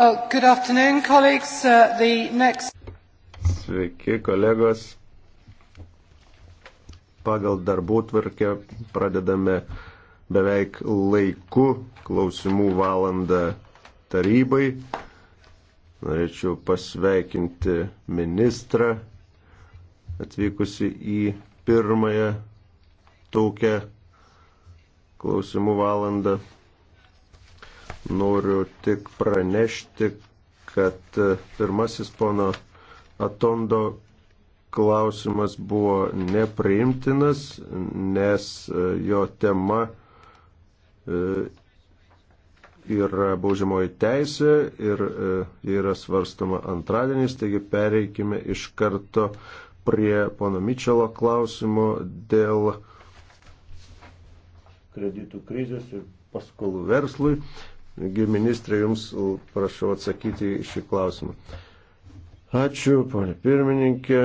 Uh, good afternoon, colleagues. Uh, the next... Sveiki, kolegos. Pagal darbų tvarkę pradedame beveik laiku klausimų valandą tarybai. Norėčiau pasveikinti ministrą atvykusi į pirmąją tokią klausimų valandą Noriu tik pranešti, kad e, pirmasis pono Atondo klausimas buvo nepriimtinas, nes e, jo tema e, yra baudžiamoji teisė ir yra svarstama antradieniais, taigi pereikime iš karto prie pono Mičelo klausimo dėl kreditų krizės ir paskolų verslui. Taigi, ministrė, jums prašau atsakyti į šį klausimą. Ačiū, ponė pirmininkė.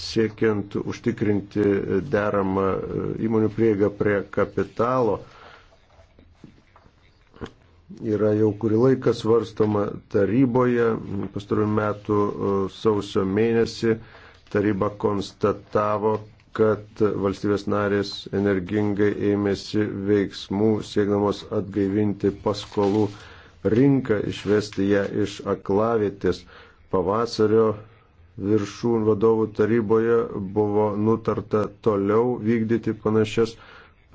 Siekiant užtikrinti deramą e, įmonių prieigą prie kapitalo, yra jau kurį laiką svarstoma taryboje. Pastarųjų metų e, sausio mėnesį taryba konstatavo, kad valstybės narės energingai ėmėsi veiksmų, siekdamos atgaivinti paskolų rinką, išvesti ją iš aklavėtės. Pavasario viršūn vadovų taryboje buvo nutarta toliau vykdyti panašias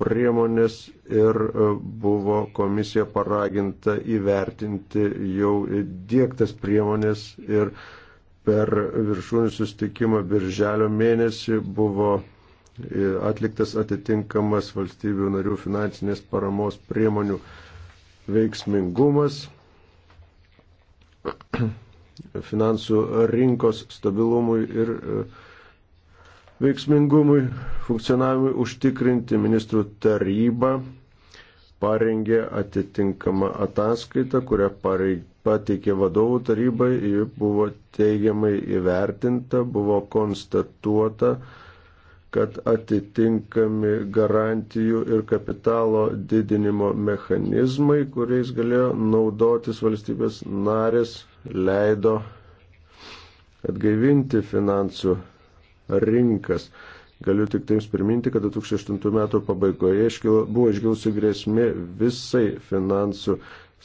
priemonės ir e, buvo komisija paraginta įvertinti jau dėktas priemonės ir per viršūnį sustikimą birželio mėnesį buvo e, atliktas atitinkamas valstybių narių finansinės paramos priemonių veiksmingumas, finansų rinkos stabilumui ir e, veiksmingumui, funkcionavimui užtikrinti ministrų taryba parengė atitinkamą ataskaitą, kurią pateikė vadovų tarybai, ji buvo teigiamai įvertinta, buvo konstatuota, kad atitinkami garantijų ir kapitalo didinimo mechanizmai, kuriais galėjo naudotis valstybės narės, leido atgaivinti finansų rinkas. Galiu tik tai jums priminti, kad 2008 metų pabaigoje iškilo, buvo iškilusi grėsmė visai finansų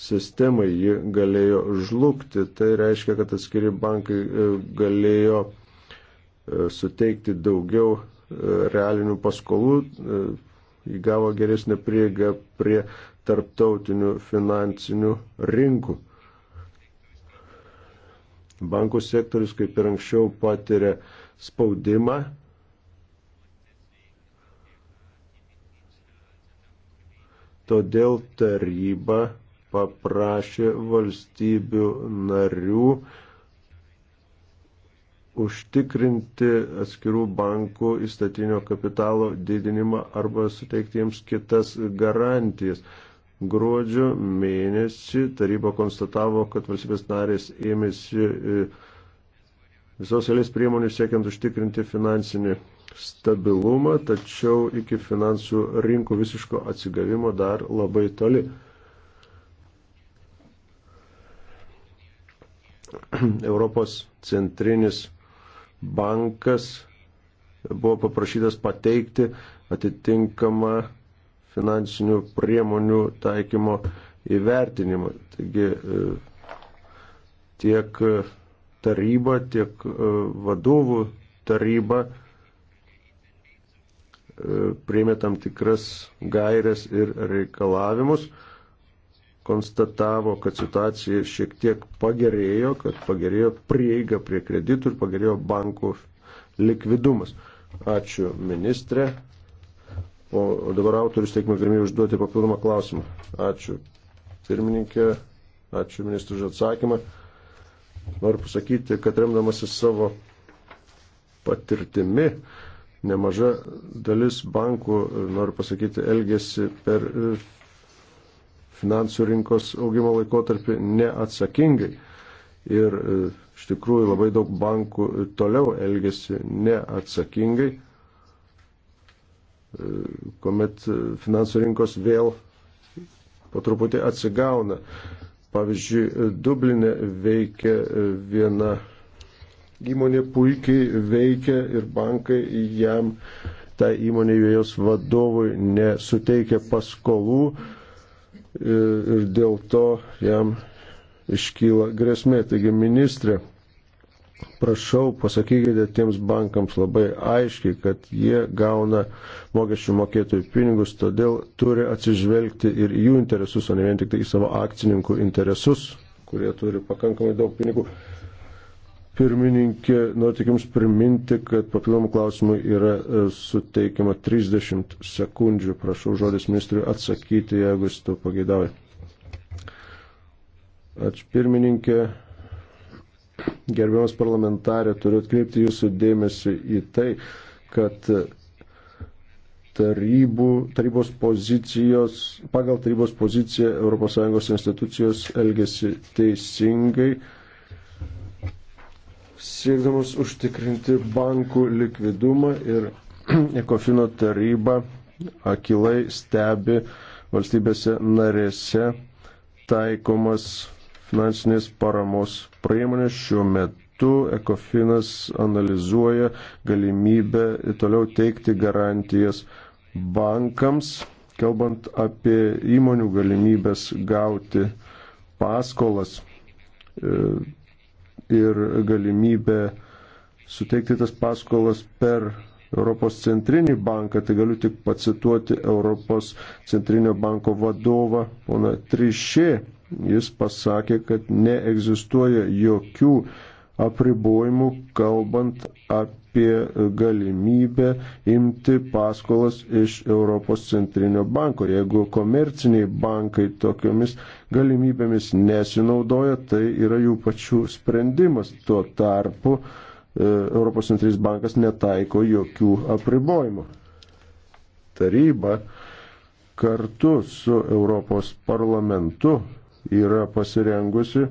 sistemai, ji galėjo žlugti. Tai reiškia, kad atskiri bankai e, galėjo e, suteikti daugiau e, realinių paskolų, įgavo geresnę prieigą prie tarptautinių finansinių rinkų. Bankų sektorius, kaip ir anksčiau, patiria spaudimą Todėl taryba paprašė valstybių narių užtikrinti atskirų bankų įstatinio kapitalo didinimą arba suteikti jiems kitas garantijas. Gruodžio mėnesį taryba konstatavo, kad valstybės narės ėmėsi e, visos eilės priemonių siekiant užtikrinti finansinį stabilumą, tačiau iki finansų rinkų visiško atsigavimo dar labai toli. Europos centrinis bankas buvo paprašytas pateikti atitinkamą finansinių priemonių taikymo įvertinimą. Taigi e, tiek taryba, tiek e, vadovų taryba priėmė tam tikras gairias ir reikalavimus, konstatavo, kad situacija šiek tiek pagerėjo, kad pagerėjo prieiga prie kreditų ir pagerėjo bankų likvidumas. Ačiū ministrė. O dabar autorius teikime galimybę užduoti papildomą klausimą. Ačiū pirmininkė, ačiū ministrui už atsakymą. Noriu pasakyti, kad remdamasis savo patirtimi, nemaža dalis bankų, noriu pasakyti, elgesi per e, finansų rinkos augimo laikotarpį neatsakingai. Ir e, iš tikrųjų labai daug bankų toliau elgesi neatsakingai, e, kuomet finansų rinkos vėl po truputį atsigauna. Pavyzdžiui, Dublinė veikia viena įmonė puikiai veikia ir bankai jam, tai įmonė jos vadovui nesuteikia paskolų e, ir dėl to jam iškyla grėsmė. Taigi, ministrė, prašau, pasakykite tiems bankams labai aiškiai, kad jie gauna mokesčių mokėtojų pinigus, todėl turi atsižvelgti ir jų interesus, o ne vien tik tai į savo akcininkų interesus, kurie turi pakankamai daug pinigų pirmininkė, noriu Jums priminti, kad papildomų klausimų yra e, suteikiama 30 sekundžių. Prašau žodis ministriui atsakyti, jeigu jis to pageidauja. Ačiū pirmininkė. Gerbiamas parlamentarė, turiu atkreipti Jūsų dėmesį į tai, kad tarybų, tarybos pozicijos, pagal tarybos poziciją ES institucijos elgesi teisingai siekdamas užtikrinti bankų likvidumą ir ekofino taryba akilai stebi valstybėse narėse taikomas finansinės paramos priemonės šiuo metu metu Ekofinas analizuoja galimybę toliau teikti garantijas bankams, kalbant apie įmonių galimybės gauti paskolas. E, ir galimybę suteikti tas paskolas per Europos centrinį banką, tai galiu tik pacituoti Europos centrinio banko vadovą, pona Trišė. Jis pasakė, kad neegzistuoja jokių apribojimų, kalbant apie apie galimybę imti paskolas iš Europos centrinio banko. Jeigu komerciniai bankai tokiomis galimybėmis nesinaudoja, tai yra jų pačių sprendimas. Tuo tarpu e, Europos centrinis bankas netaiko jokių apribojimų. Taryba kartu su Europos parlamentu yra pasirengusi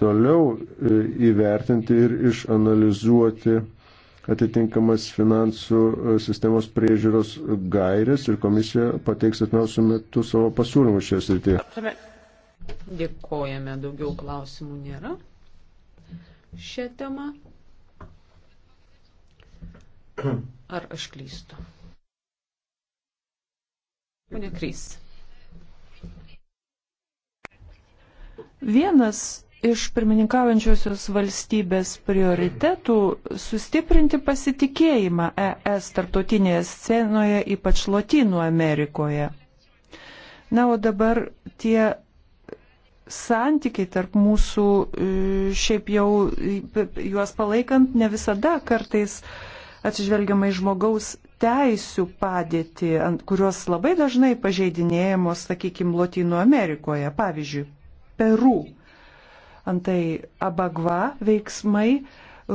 toliau e, įvertinti ir išanalizuoti atitinkamas finansų e, sistemos priežiūros gairės ir komisija pateiks atmiausių metų savo pasiūlymus šioje srityje. Dėkojame, daugiau klausimų nėra. Šią temą. Ar aš klystu? Pone Krys. Vienas iš pirmininkaujančiosios valstybės prioritetų sustiprinti pasitikėjimą ES tarptautinėje scenoje, ypač Latinų Amerikoje. Na, o dabar tie santykiai tarp mūsų, e, šiaip jau e, juos palaikant, ne visada kartais atsižvelgiamai žmogaus teisių padėtį, kurios labai dažnai pažeidinėjamos, sakykime, Latino Amerikoje, pavyzdžiui, Peru Antai abagva veiksmai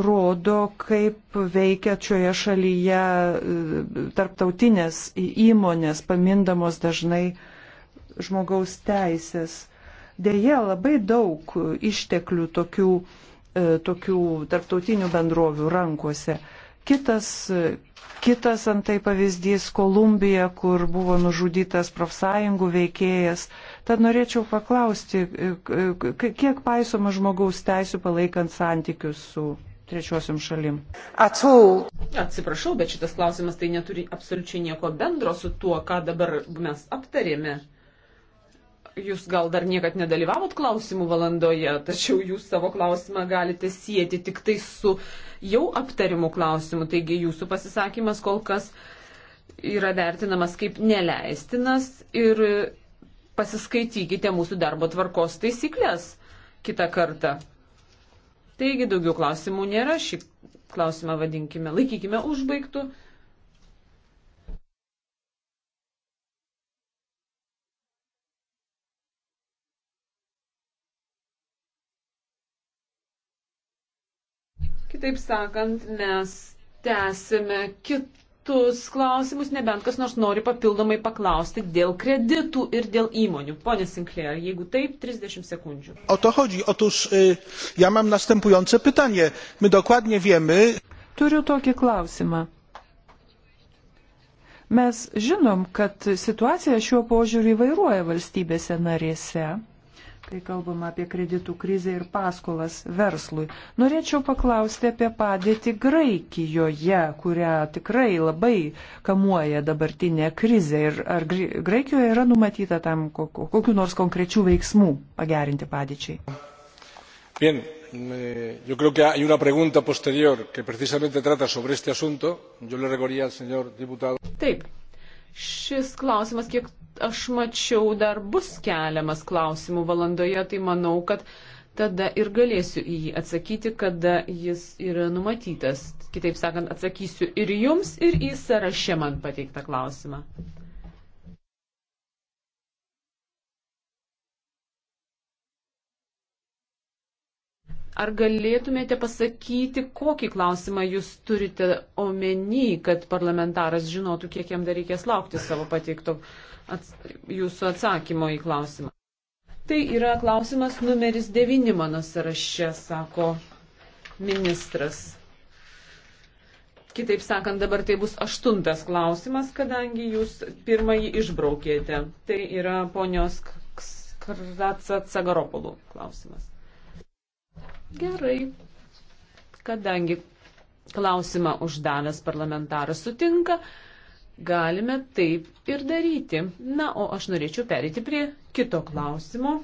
rodo, kaip veikia šioje šalyje e, tarptautinės įmonės, pamindamos dažnai žmogaus teisės. Deja, labai daug išteklių tokių, e, tokių tarptautinių bendrovių rankose. Kitas, kitas antai pavyzdys - Kolumbija, kur buvo nužudytas profsąjungų veikėjas. Tad norėčiau paklausti, kiek paisoma žmogaus teisų palaikant santykius su trečiosiam šalim? Atsau. Atsiprašau, bet šitas klausimas tai neturi absoliučiai nieko bendro su tuo, ką dabar mes aptarėme. Jūs gal dar niekad nedalyvavot klausimų valandoje, tačiau jūs savo klausimą galite sieti tik tai su jau aptarimu klausimu. Taigi jūsų pasisakymas kol kas yra vertinamas kaip neleistinas ir pasiskaitykite mūsų darbo tvarkos taisyklės kitą kartą. Taigi daugiau klausimų nėra. Šį klausimą vadinkime, laikykime užbaigtų. Kitaip sakant, mes tęsime kitus klausimus, nebent kas nors nori papildomai paklausti dėl kreditų ir dėl įmonių. Pone Sinclair, jeigu taip, 30 sekundžių. O to chodzi. Otóż ja mam następujące pytanie. My dokładnie wiemy. Turiu tokį klausimą. Mes žinom, kad situacija šiuo požiūriu įvairuoja valstybėse narėse kai kalbam apie kreditų krizę ir paskolas verslui. Norėčiau paklausti apie padėtį Graikijoje, kurią tikrai labai kamuoja dabartinė krizė. Ir ar Graikijoje yra numatyta tam kokiu nors konkrečių veiksmų pagerinti padėčiai? Bien, eh, yo creo que hay una pregunta posterior que precisamente trata sobre este asunto. Yo le recordaría al señor diputado. Taip. Šis klausimas kiek aš mačiau, dar bus keliamas klausimų valandoje, tai manau, kad tada ir galėsiu į jį atsakyti, kada jis yra numatytas. Kitaip sakant, atsakysiu ir jums, ir į sąraše man pateiktą klausimą. Ar galėtumėte pasakyti, kokį klausimą jūs turite omeny, kad parlamentaras žinotų, kiek jam dar reikės laukti savo pateikto klausimą? ats jūsų atsakymo į klausimą. Tai yra klausimas numeris 9 mano sąraše, sako ministras. Kitaip sakant, dabar tai bus aštuntas klausimas, kadangi jūs pirmąjį išbraukėte. Tai yra ponios Kratsa Cagaropolų klausimas. Gerai. Kadangi klausimą uždavęs parlamentaras sutinka, Galime taip ir daryti. Na, o aš norėčiau perėti prie kito klausimo.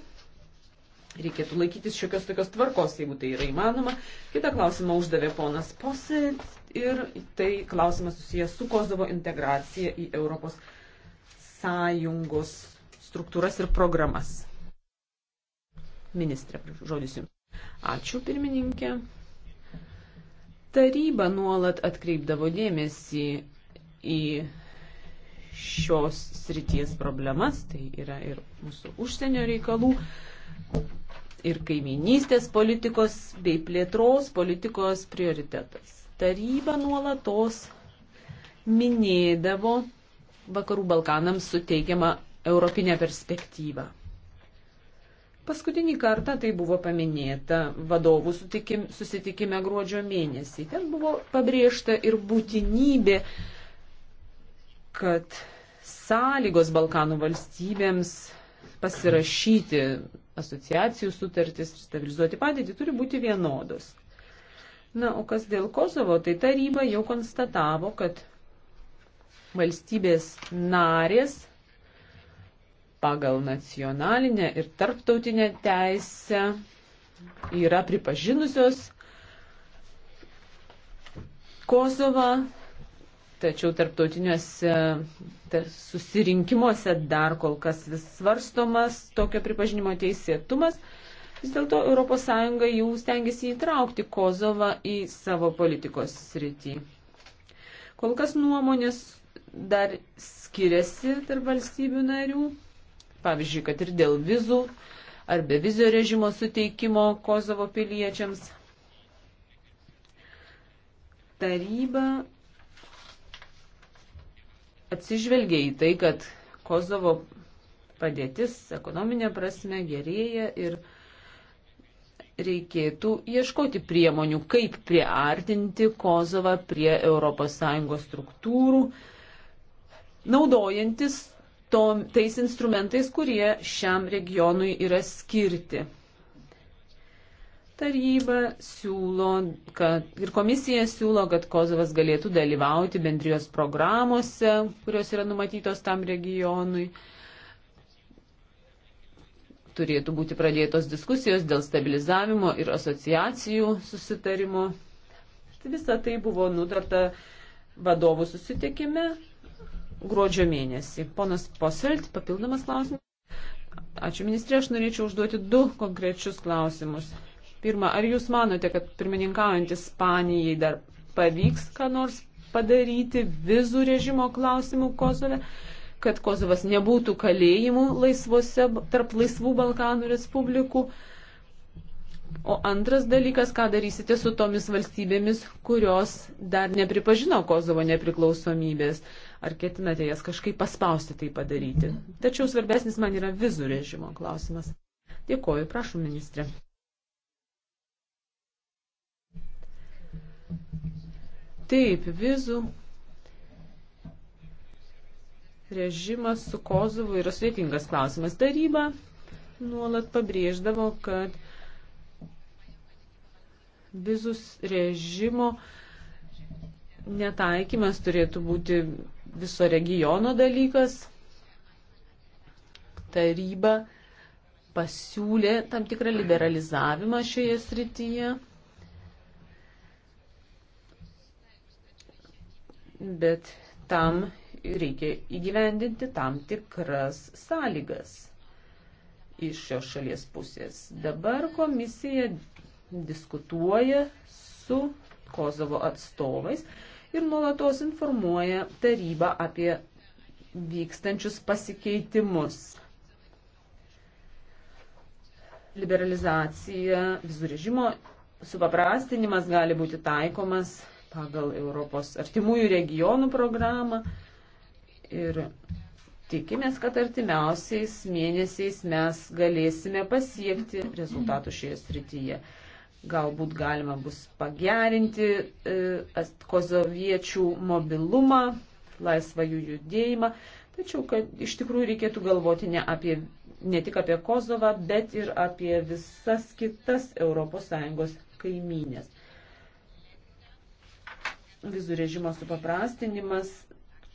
Reikėtų laikytis šiokios tokios tvarkos, jeigu tai yra įmanoma. Kita klausimą uždavė ponas Posit ir tai klausimas susijęs su Kozovo integracija į Europos sąjungos struktūras ir programas. Ministrė, žodis jums. Ačiū, pirmininkė. Taryba nuolat atkreipdavo dėmesį į šios srities problemas, tai yra ir mūsų užsienio reikalų, ir kaiminystės politikos bei plėtros politikos prioritetas. Taryba nuolatos minėdavo Vakarų Balkanams suteikiamą europinę perspektyvą. Paskutinį kartą tai buvo paminėta vadovų sutikim, susitikime gruodžio mėnesį. Ten buvo pabrėžta ir būtinybė uh, kad sąlygos Balkanų valstybėms pasirašyti asociacijų sutartis ir stabilizuoti padėtį turi būti vienodos. Na, o kas dėl Kosovo, tai taryba jau konstatavo, kad valstybės narės pagal nacionalinę ir tarptautinę teisę yra pripažinusios Kosovą Tačiau tarptautiniuose susirinkimuose dar kol kas vis svarstomas tokio pripažinimo teisėtumas. Vis dėlto ES jau stengiasi įtraukti Kozovą į savo politikos sritį. Kol kas nuomonės dar skiriasi tarp valstybių narių, pavyzdžiui, kad ir dėl vizų ar be vizio režimo suteikimo Kozovo piliečiams. Taryba atsižvelgia į tai, kad Kosovo padėtis ekonominė prasme gerėja ir reikėtų ieškoti priemonių, kaip priartinti Kosovą prie ES struktūrų, naudojantis tom, tais instrumentais, kurie šiam regionui yra skirti. Taryba siūlo, kad ir komisija siūlo, kad Kosovas galėtų dalyvauti bendrijos programuose, kurios yra numatytos tam regionui turėtų būti pradėtos diskusijos dėl stabilizavimo ir asociacijų susitarimo. Tai Visą tai buvo nutarta vadovų susitikime gruodžio mėnesį. Ponas Poselt, papildomas klausimas. Ačiū ministrė, aš norėčiau užduoti du konkrečius klausimus. Pirma, ar jūs manote, kad pirmininkaujant Ispanijai dar pavyks ką nors padaryti vizų režimo klausimų Kosove, kad Kosovas nebūtų kalėjimų laisvose, tarp laisvų Balkanų respublikų? O antras dalykas, ką darysite su tomis valstybėmis, kurios dar nepripažino Kosovo nepriklausomybės? Ar ketinate jas kažkaip paspausti tai padaryti? Tačiau svarbesnis man yra vizų režimo klausimas. Dėkoju, prašom, ministrė. Taip, vizų režimas su Kozovu yra sudėtingas klausimas. Taryba nuolat pabrėždavo, kad vizus režimo netaikymas turėtų būti viso regiono dalykas. Taryba pasiūlė tam tikrą liberalizavimą šioje srityje. bet tam reikia įgyvendinti tam tikras sąlygas iš šios šalies pusės. Dabar komisija diskutuoja su Kozovo atstovais ir nuolatos informuoja tarybą apie vykstančius pasikeitimus. Liberalizacija, vizų režimo supaprastinimas gali būti taikomas pagal Europos artimųjų regionų programą ir tikimės, kad artimiausiais mėnesiais mes galėsime pasiekti rezultatų šioje srityje. Galbūt galima bus pagerinti e, kozoviečių mobilumą, laisvą jų judėjimą, tačiau kad iš tikrųjų reikėtų galvoti ne, apie, ne tik apie Kosovą, bet ir apie visas kitas ES kaimynės vizų režimo supaprastinimas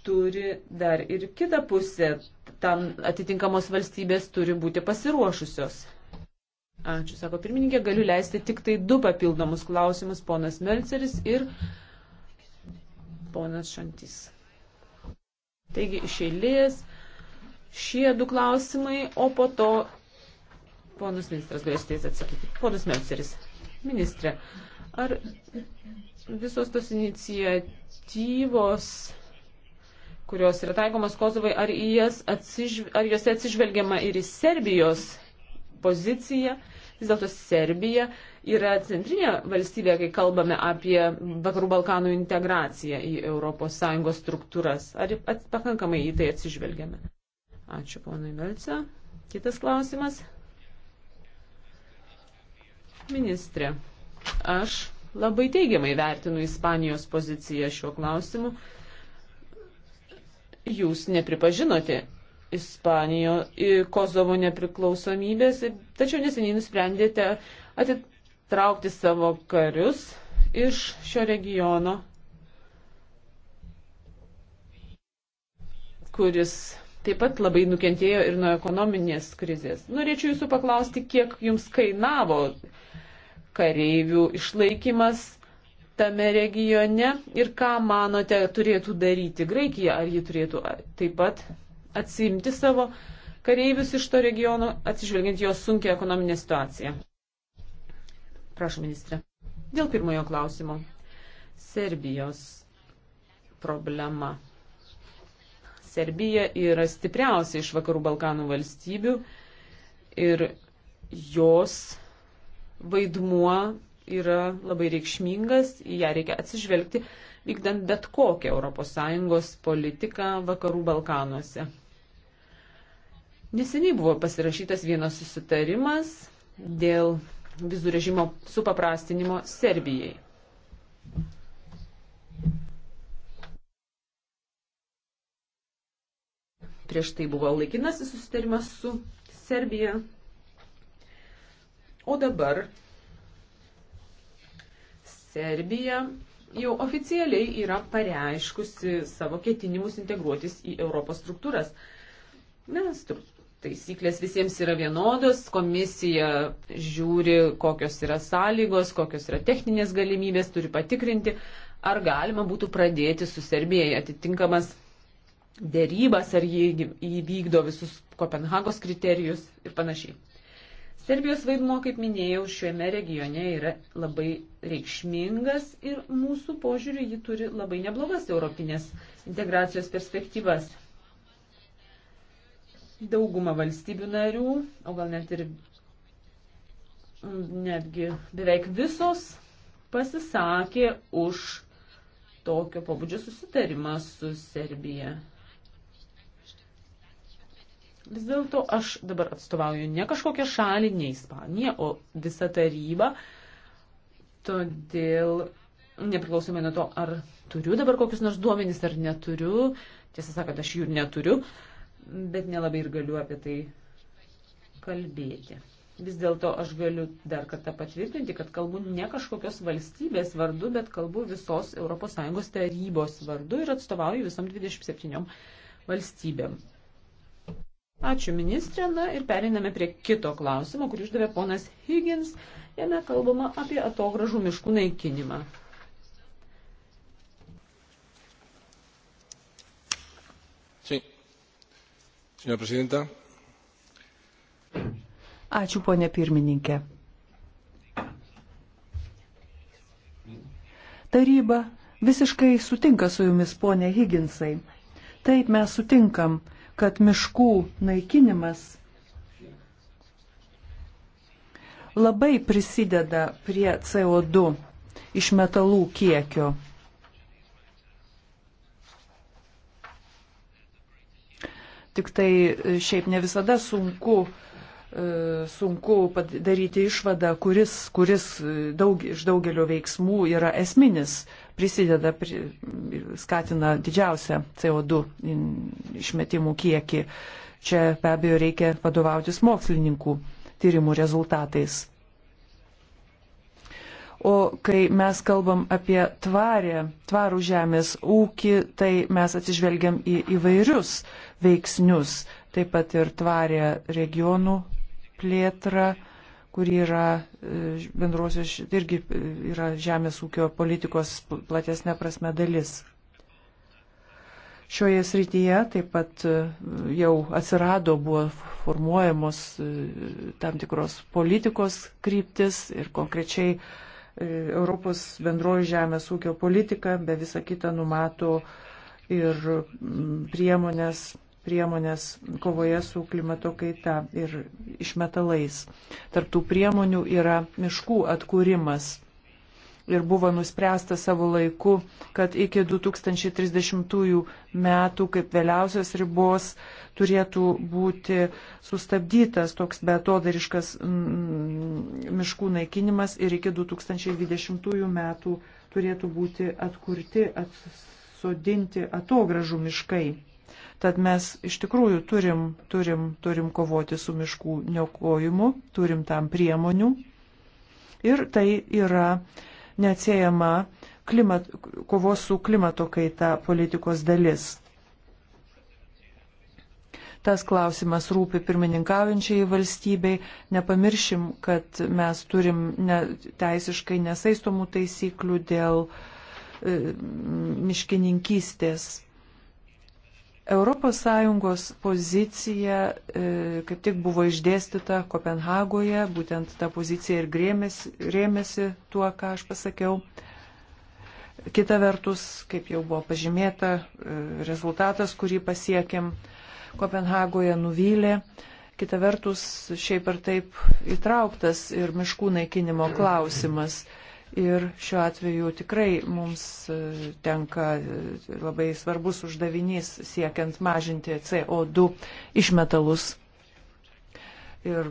turi dar ir kitą pusę. Tam atitinkamos valstybės turi būti pasiruošusios. Ačiū, sako pirmininkė, galiu leisti tik tai du papildomus klausimus, ponas Melceris ir ponas Šantys. Taigi iš eilės šie du klausimai, o po to ponas ministras galės atsakyti. Ponas Melceris, ministrė, ar visos tos iniciatyvos, kurios yra taikomas Kosovai, ar, atsižv... ar juose atsižvelgiama ir į Serbijos poziciją. Vis dėlto Serbija yra centrinė valstybė, kai kalbame apie Vakarų Balkanų integraciją į ES struktūras. Ar pakankamai į tai atsižvelgiame? Ačiū ponui Melce. Kitas klausimas. Ministrė, aš Labai teigiamai vertinu Ispanijos poziciją šiuo klausimu. Jūs nepripažinote Ispanijo, Kosovo nepriklausomybės, tačiau neseniai nusprendėte atitraukti savo karius iš šio regiono, kuris taip pat labai nukentėjo ir nuo ekonominės krizės. Norėčiau jūsų paklausti, kiek jums kainavo kareivių išlaikymas tame regione ir ką manote turėtų daryti Graikija, ar ji turėtų taip pat atsimti savo kareivius iš to regiono, atsižvelgiant jos sunkia ekonominė situacija. Prašau, ministrė. Dėl pirmojo klausimo. Serbijos problema. Serbija yra stipriausia iš vakarų Balkanų valstybių ir jos vaidmuo yra labai reikšmingas, į ją reikia atsižvelgti, vykdant bet kokią ES politiką Vakarų Balkanuose. Neseniai buvo pasirašytas vienas susitarimas dėl vizų režimo supaprastinimo Serbijai. Prieš tai buvo laikinasis susitarimas su Serbija, O dabar Serbija jau oficialiai yra pareiškusi savo ketinimus integruotis į Europos struktūras. Nes taisyklės visiems yra vienodos, komisija žiūri, kokios yra sąlygos, kokios yra techninės galimybės, turi patikrinti, ar galima būtų pradėti su Serbijai atitinkamas dėrybas, ar jie įvykdo visus Kopenhagos kriterijus ir panašiai. Serbijos vaidmo, kaip minėjau, šiame regione yra labai reikšmingas ir mūsų požiūriu ji turi labai neblogas europinės integracijos perspektyvas. Dauguma valstybių narių, o gal net ir netgi beveik visos pasisakė už tokio pabudžio susitarimą su Serbija. Vis dėlto aš dabar atstovauju ne kažkokią šalį, ne Ispaniją, o visą tarybą. Todėl, nepriklausomai nuo to, ar turiu dabar kokius nors duomenys ar neturiu, tiesą sakant, aš jų neturiu, bet nelabai ir galiu apie tai kalbėti. Vis dėlto aš galiu dar kartą patvirtinti, kad kalbu ne kažkokios valstybės vardu, bet kalbu visos ES tarybos vardu ir atstovauju visom 27 valstybėm. Ačiū ministrė. Na ir periname prie kito klausimo, kurį uždavė ponas Higgins. Jame kalbama apie atogražų miškų naikinimą. Sí. Señora presidenta. Ačiū, ponė pirmininkė. Taryba visiškai sutinka su jumis, ponė Higginsai. Taip mes sutinkam kad miškų naikinimas labai prisideda prie CO2 iš metalų kiekio. Tik tai e, šiaip ne visada sunku e, sunku padaryti išvadą, kuris, kuris e, daug, iš daugelio veiksmų yra esminis prisideda, skatina didžiausią CO2 išmetimų kiekį. Čia be abejo reikia vadovautis mokslininkų tyrimų rezultatais. O kai mes kalbam apie tvarę, tvarų žemės ūkį, tai mes atsižvelgiam į įvairius veiksnius, taip pat ir tvarę regionų plėtrą kuri yra e, bendrosios, tai irgi e, yra žemės ūkio politikos platesnė prasme dalis. Šioje srityje taip pat e, jau atsirado, buvo formuojamos tam tikros politikos kryptis ir konkrečiai Europos bendroji žemės ūkio politika be visa kita numato ir priemonės priemonės kovoje su klimato kaita ir išmetalais. Tarptų priemonių yra miškų atkūrimas. Ir buvo nuspręsta savo laiku, kad iki 2030 metų kaip vėliausios ribos turėtų būti sustabdytas toks betodariškas miškų naikinimas ir iki 2020 metų turėtų būti atkurti, atsodinti atogražų miškai. Tad mes iš tikrųjų turim, turim, turim kovoti su miškų niokojimu, turim tam priemonių. Ir tai yra neatsiejama klimat, kovos su klimato kaita politikos dalis. Tas klausimas rūpi pirmininkaujančiai valstybei. Nepamiršim, kad mes turim ne, teisiškai nesaistomų taisyklių dėl e, miškininkystės ES pozicija e, kaip tik buvo išdėstyta Kopenhagoje, būtent ta pozicija ir grėmėsi, rėmėsi tuo, ką aš pasakiau. Kita vertus, kaip jau buvo pažymėta, e, rezultatas, kurį pasiekėm Kopenhagoje, nuvylė. Kita vertus, šiaip ar taip įtrauktas ir miškų naikinimo klausimas. Mm Ir šiuo atveju tikrai mums e, tenka e, labai svarbus uždavinys siekiant mažinti CO2 išmetalus. Ir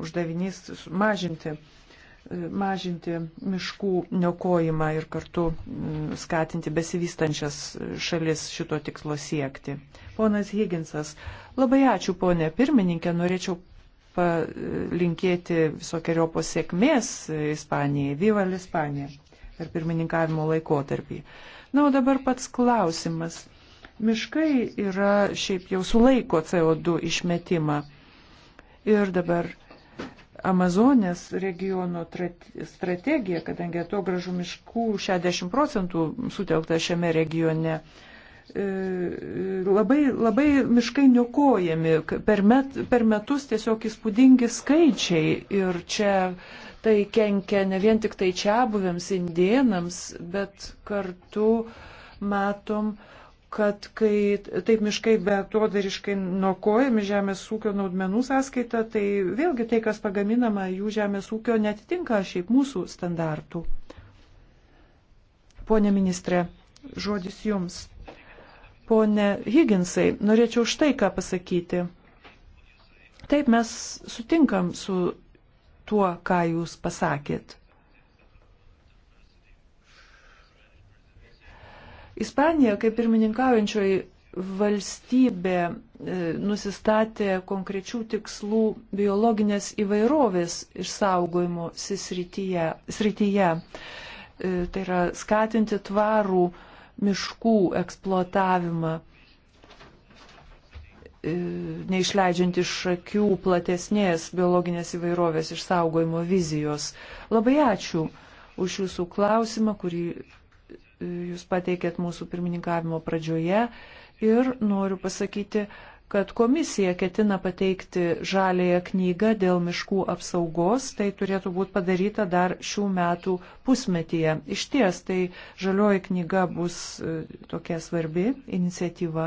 uždavinys mažinti, e, mažinti miškų niokojimą ir kartu skatinti besivystančias šalis šito tikslo siekti. Ponas Higginsas, labai ačiū ponė pirmininkė, norėčiau palinkėti visokiojo pasiekmės Ispanijai. Viva Ispanija per pirmininkavimo laikotarpį. Na, o dabar pats klausimas. Miškai yra šiaip jau sulaiko CO2 išmetimą. Ir dabar Amazonės regiono strategija, kadangi atogražų miškų 60 procentų sutelkta šiame regione, E, labai, labai miškai niokojami, per, met, per metus tiesiog įspūdingi skaičiai ir čia tai kenkia ne vien tik tai čia buvėms indienams, bet kartu matom, kad kai taip miškai betodariškai nokojami žemės ūkio naudmenų sąskaita, tai vėlgi tai, kas pagaminama jų žemės ūkio, netitinka šiaip mūsų standartų. Pone ministre, žodis jums. Pone Higginsai, norėčiau štai ką pasakyti. Taip mes sutinkam su tuo, ką jūs pasakėt. Ispanija, kaip pirmininkaujančioji valstybė, e, nusistatė konkrečių tikslų biologinės įvairovės išsaugojimo srityje. srityje. Tai yra skatinti tvarų miškų eksploatavimą, e, neišleidžiant iš akių platesnės biologinės įvairovės išsaugojimo vizijos. Labai ačiū už jūsų klausimą, kurį e, jūs pateikėt mūsų pirmininkavimo pradžioje ir noriu pasakyti, kad komisija ketina pateikti žalėją knygą dėl miškų apsaugos, tai turėtų būti padaryta dar šių metų pusmetyje. Iš ties, tai žalioji knyga bus e, tokia svarbi iniciatyva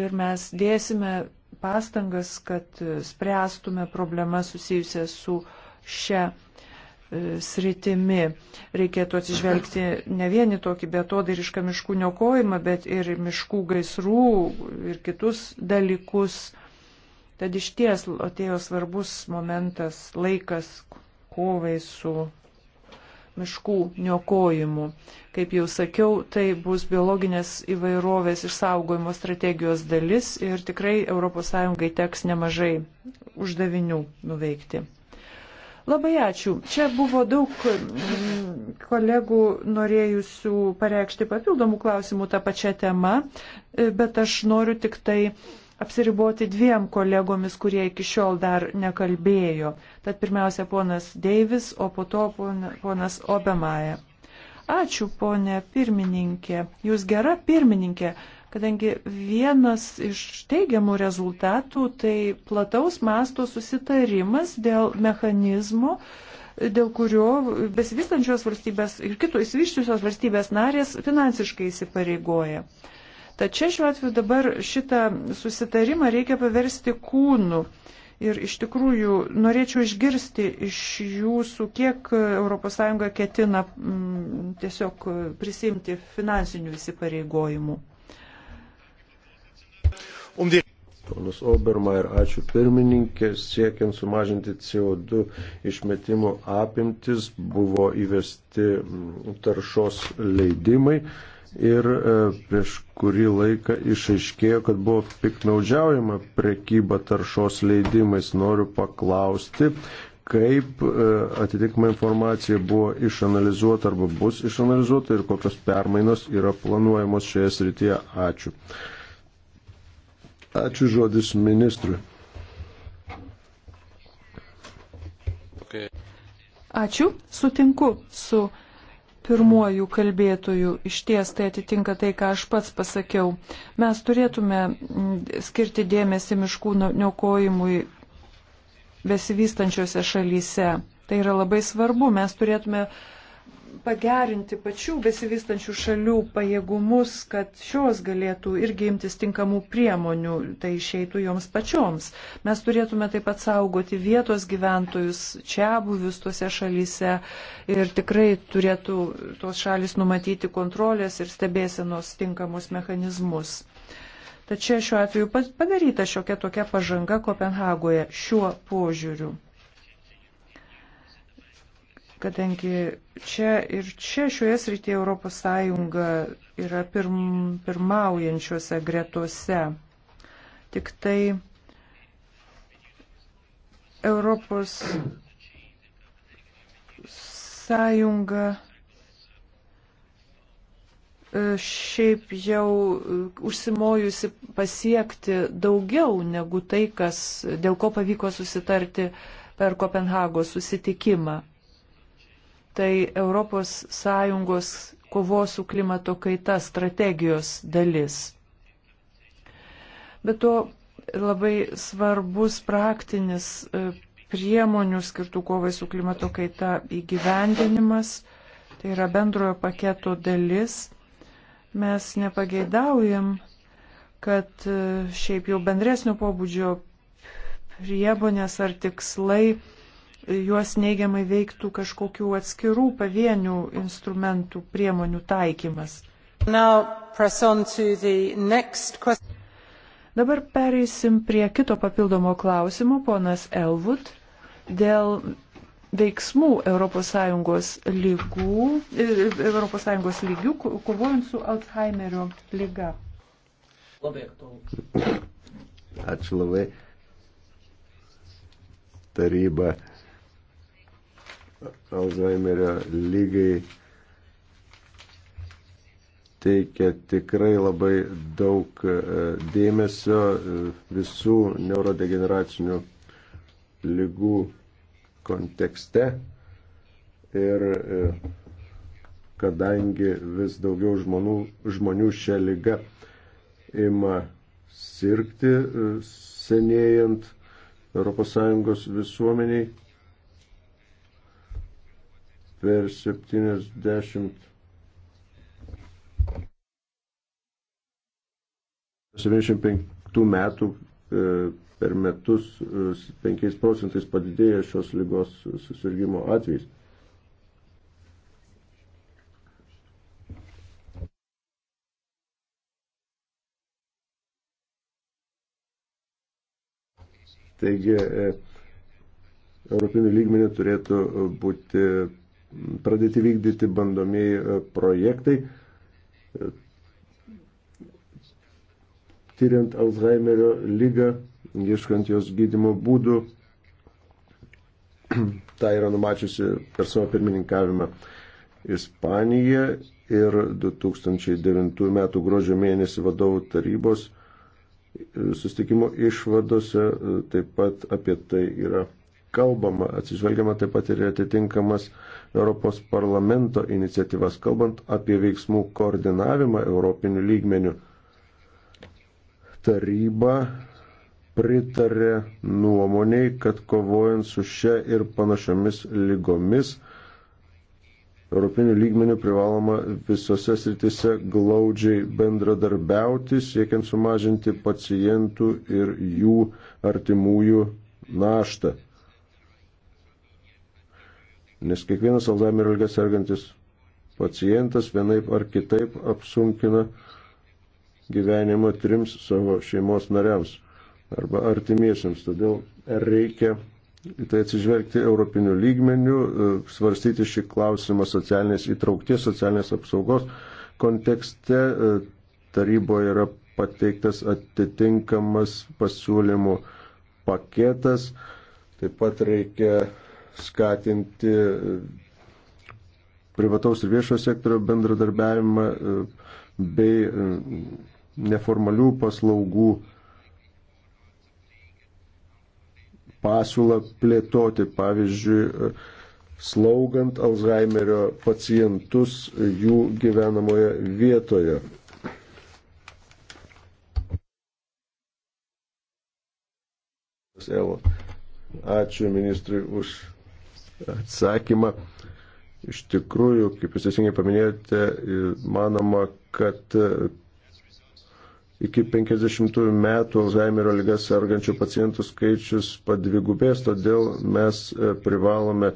ir mes dėsime pastangas, kad e, spręstume problemas susijusias su šia sritimi. Reikėtų atsižvelgti ne vieni tokį betodarišką miškų niokojimą, bet ir miškų gaisrų ir kitus dalykus. Tad iš ties atėjo svarbus momentas, laikas kovai su miškų niokojimu. Kaip jau sakiau, tai bus biologinės įvairovės išsaugojimo strategijos dalis ir tikrai ES teks nemažai uždavinių nuveikti. Labai ačiū. Čia buvo daug mm, kolegų norėjusių pareikšti papildomų klausimų tą pačią temą, e, bet aš noriu tik tai apsiriboti dviem kolegomis, kurie iki šiol dar nekalbėjo. Tad pirmiausia ponas Deivis, o po to ponas Obemaja. Ačiū, ponė pirmininkė. Jūs gera pirmininkė kadangi vienas iš teigiamų rezultatų tai plataus masto susitarimas dėl mechanizmo, dėl kurio besivystančios valstybės ir kitų įsivyščiusios valstybės narės finansiškai įsipareigoja. Tačiau šiuo atveju dabar šitą susitarimą reikia paversti kūnu. Ir iš tikrųjų norėčiau išgirsti iš jūsų, kiek ES ketina m, mm, tiesiog prisimti finansinių įsipareigojimų um die Ponas Obermaier, ačiū pirmininkė, siekiant sumažinti CO2 išmetimo apimtis buvo įvesti mm, taršos leidimai ir e, prieš kurį laiką išaiškėjo, kad buvo piknaudžiaujama prekyba taršos leidimais. Noriu paklausti, kaip e, atitikma informacija buvo išanalizuota arba bus išanalizuota ir kokios permainos yra planuojamos šioje srityje. Ačiū. Ačiū žodis ministrui. Ačiū, sutinku su pirmuoju kalbėtoju. Iš ties tai atitinka tai, ką aš pats pasakiau. Mes turėtume skirti dėmesį miškų niokojimui besivystančiose šalyse. Tai yra labai svarbu. Mes turėtume uh, pagerinti pačių besivystančių šalių pajėgumus, kad šios galėtų irgi imtis tinkamų priemonių, tai išeitų joms pačioms. Mes turėtume taip pat saugoti vietos gyventojus, čia buvius tuose šalyse ir tikrai turėtų tos šalis numatyti kontrolės ir stebėsenos tinkamus mechanizmus. Tačiau šiuo atveju padaryta šiokia tokia pažanga Kopenhagoje šiuo požiūriu kadangi čia ir čia šioje srityje ES yra pirm, pirmaujančiose gretose. Tik tai Europos sąjunga e, šiaip jau e, užsimojusi pasiekti daugiau negu tai, kas, dėl ko pavyko susitarti per Kopenhagos susitikimą tai ES kovos su klimato kaita strategijos dalis. Bet to labai svarbus praktinis e, priemonių skirtų kovai su klimato kaita įgyvendinimas, tai yra bendrojo paketo dalis. Mes nepageidaujam, kad e, šiaip jau bendresnio pobūdžio priemonės ar tikslai juos neigiamai veiktų kažkokių atskirų pavienių instrumentų priemonių taikymas. Dabar pereisim prie kito papildomo klausimo, ponas Elvut, dėl veiksmų ES lygų, ES lygių, kovojant su Alzheimerio lyga. Labai aktualu. Ačiū labai. Taryba Alzheimerio lygai teikia tikrai labai daug e, dėmesio e, visų neurodegeneracinių lygų kontekste ir e, kadangi vis daugiau žmonių, žmonių šią lygą ima sirgti senėjant ES visuomeniai, per 70. 75 metų e, per metus 5 e, procentais padidėja šios lygos susirgymo atvejais. Taigi, e, Europinių lygmenių turėtų būti pradėti vykdyti bandomieji e, projektai, e, tyriant Alzheimerio lygą, ieškant jos gydimo būdų. Ta yra numačiusi per savo pirmininkavimą Ispanija ir 2009 m. gruodžio mėnesį vadovų tarybos e, sustikimo išvadose taip pat apie tai yra kalbama, atsižvelgiama taip pat ir atitinkamas Europos parlamento iniciatyvas, kalbant apie veiksmų koordinavimą europinių lygmenių. Taryba pritarė nuomoniai, kad kovojant su šia ir panašiomis lygomis, Europinių lygmenių privaloma visose sritise glaudžiai bendradarbiauti, siekiant sumažinti pacientų ir jų artimųjų naštą nes kiekvienas Alzheimerio lygas sergantis pacientas vienaip ar kitaip apsunkina gyvenimą trims savo šeimos nariams arba artimiesiams. Todėl reikia į tai atsižvelgti europinių lygmenių, e, svarstyti šį klausimą socialinės įtraukties, socialinės apsaugos kontekste. E, taryboje yra pateiktas atitinkamas pasiūlymų paketas. Taip pat reikia skatinti e, privataus ir viešojo sektorio bendradarbiavimą e, bei e, neformalių paslaugų pasiūlą plėtoti, pavyzdžiui, slaugant Alzheimerio pacientus jų gyvenamoje vietoje. Ačiū ministrui už atsakymą. Iš tikrųjų, kaip jūs teisingai paminėjote, manoma, kad e, iki 50 metų Alzheimerio lygas sergančių pacientų skaičius padvigubės, todėl mes e, privalome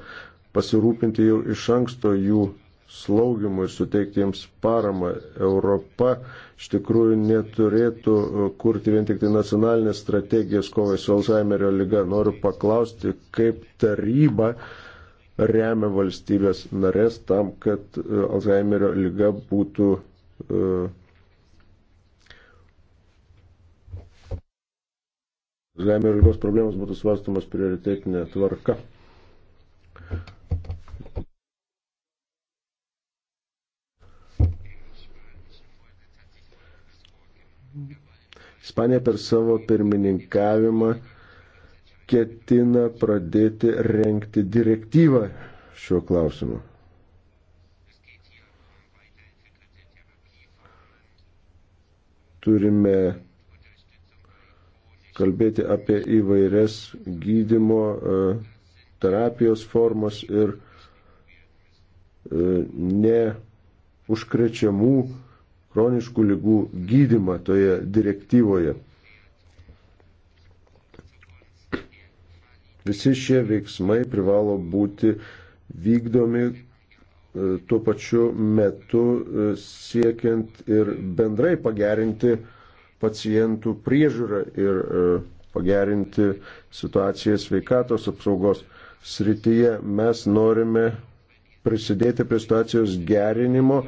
pasirūpinti jau iš anksto jų slaugimui, suteikti jiems paramą. Europa iš tikrųjų neturėtų e, kurti vien tik tai nacionalinės strategijos kovai su Alzheimerio lyga. Noriu paklausti, kaip taryba uh, remia valstybės narės tam, kad e, Alzheimerio lyga būtų e, Alzheimerio lygos problemos būtų svarstamas prioritetinė tvarka. Ispanija per savo pirmininkavimą ketina pradėti renkti direktyvą šiuo klausimu. Turime kalbėti apie įvairias gydimo e, terapijos formas ir e, neužkrečiamų chroniškų lygų gydimą toje direktyvoje. Visi šie veiksmai privalo būti vykdomi e, tuo pačiu metu e, siekiant ir bendrai pagerinti pacientų priežiūrą ir e, pagerinti situaciją sveikatos apsaugos srityje. Mes norime prisidėti prie situacijos gerinimo,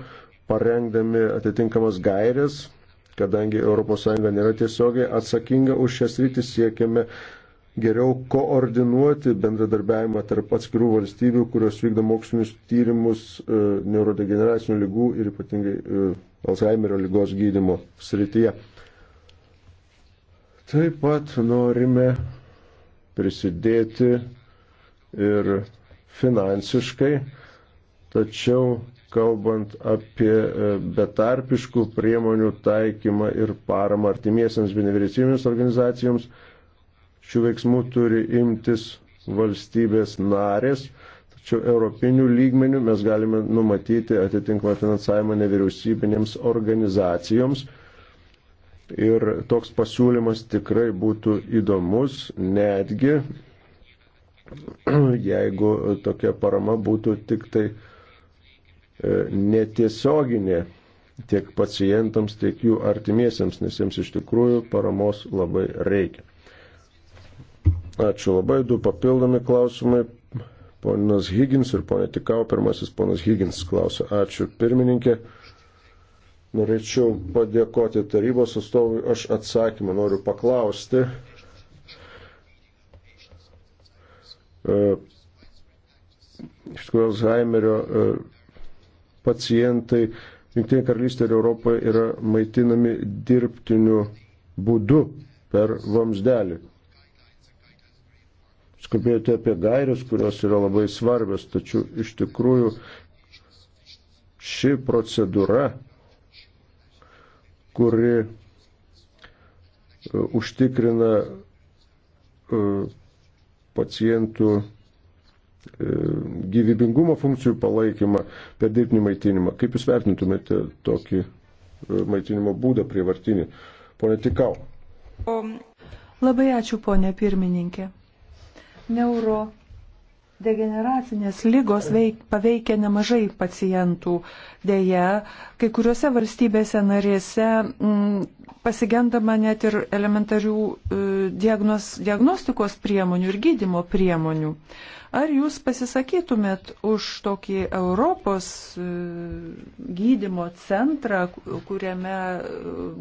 parengdami atitinkamas gairias, kadangi ES nėra tiesiogiai atsakinga už šias rytis, siekiame geriau koordinuoti bendradarbiavimą tarp atskirų valstybių, kurios vykdo mokslinius tyrimus e, neurodegeneracinių lygų ir ypatingai e, Alzheimerio lygos gydimo srityje. Taip pat norime prisidėti ir finansiškai, tačiau kalbant apie e, betarpiškų priemonių taikymą ir paramą artimiesiams bei nevyriausybinėms organizacijoms, Šių veiksmų turi imtis valstybės narės, tačiau europinių lygmenių mes galime numatyti atitinkamą finansavimą nevyriausybinėms organizacijoms. Ir toks pasiūlymas tikrai būtų įdomus, netgi jeigu tokia parama būtų tik tai e, netiesioginė tiek pacientams, tiek jų artimiesiems, nes jiems iš tikrųjų paramos labai reikia. Ačiū labai, du papildomi klausimai. Ponas Higgins ir ponė Tikau, pirmasis ponas Higgins klausė. Ačiū pirmininkė. Norėčiau padėkoti tarybos atstovui, aš atsakymą noriu paklausti. E, iš tikrųjų, Alzheimerio e, pacientai Junktinė karalystė ir Europoje yra maitinami dirbtiniu būdu per vamsdelį. Jūs kalbėjote apie gairias, kurios yra labai svarbios, tačiau iš tikrųjų ši procedūra, kuri e, užtikrina e, pacientų e, gyvybingumo funkcijų palaikymą per dirbtinį maitinimą. Kaip Jūs vertintumėte tokį maitinimo būdą prievartinį? Pone Tikau. Labai ačiū, ponė pirmininkė neuro Degeneracinės lygos veik, paveikia nemažai pacientų. Deja, kai kuriuose valstybėse narėse m, mm, pasigendama net ir elementarių e, diagnos, diagnostikos priemonių ir gydimo priemonių. Ar jūs pasisakytumėt už tokį Europos e, gydimo centrą, kuriame e,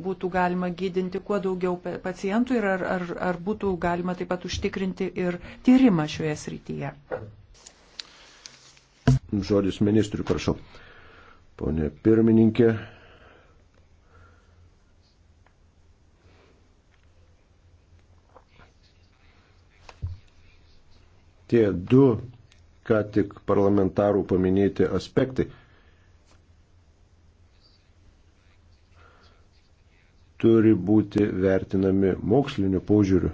būtų galima gydinti kuo daugiau pacientų ir ar, ar, ar būtų galima taip pat užtikrinti ir tyrimą šioje srityje? Žodis ministriui, prašau. Pone pirmininkė. Tie du, ką tik parlamentarų paminėti aspektai, turi būti vertinami moksliniu požiūriu.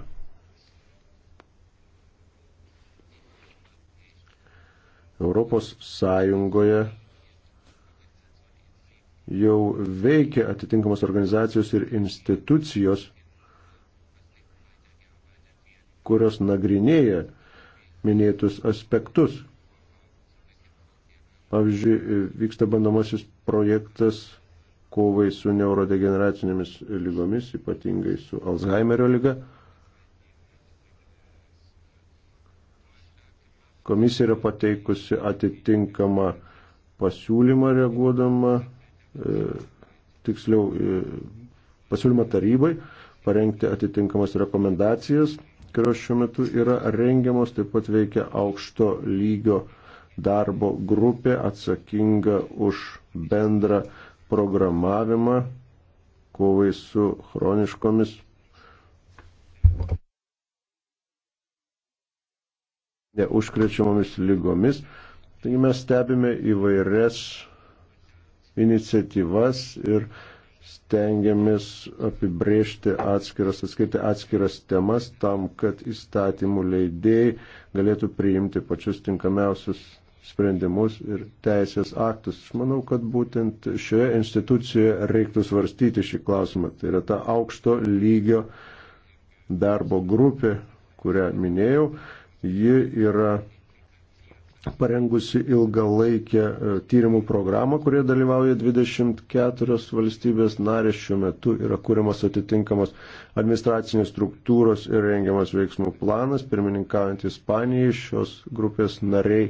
Europos Sąjungoje jau veikia atitinkamos organizacijos ir institucijos, kurios nagrinėja minėtus aspektus. Pavyzdžiui, vyksta bandomasis projektas kovai su neurodegeneracinėmis lygomis, ypatingai su Alzheimerio lyga. Komisija yra pateikusi atitinkamą pasiūlymą reaguodama, e, tiksliau e, pasiūlymą tarybai, parengti atitinkamas rekomendacijas, kurios šiuo metu yra rengiamos, taip pat veikia aukšto lygio darbo grupė atsakinga už bendrą programavimą kovai su chroniškomis neužkrečiamomis lygomis. Taigi mes stebime įvairias iniciatyvas ir stengiamės apibrėžti atskiras, atskirti atskiras temas tam, kad įstatymų leidėjai galėtų priimti pačius tinkamiausius sprendimus ir teisės aktus. Aš manau, kad būtent šioje institucijoje reiktų svarstyti šį klausimą. Tai yra ta aukšto lygio darbo grupė, kurią minėjau. Ji yra parengusi ilgalaikę e, tyrimų programą, kurie dalyvauja 24 valstybės narės šiuo metu yra kūriamas atitinkamos administracinės struktūros ir rengiamas veiksmų planas, pirmininkaujant Ispanijai šios grupės nariai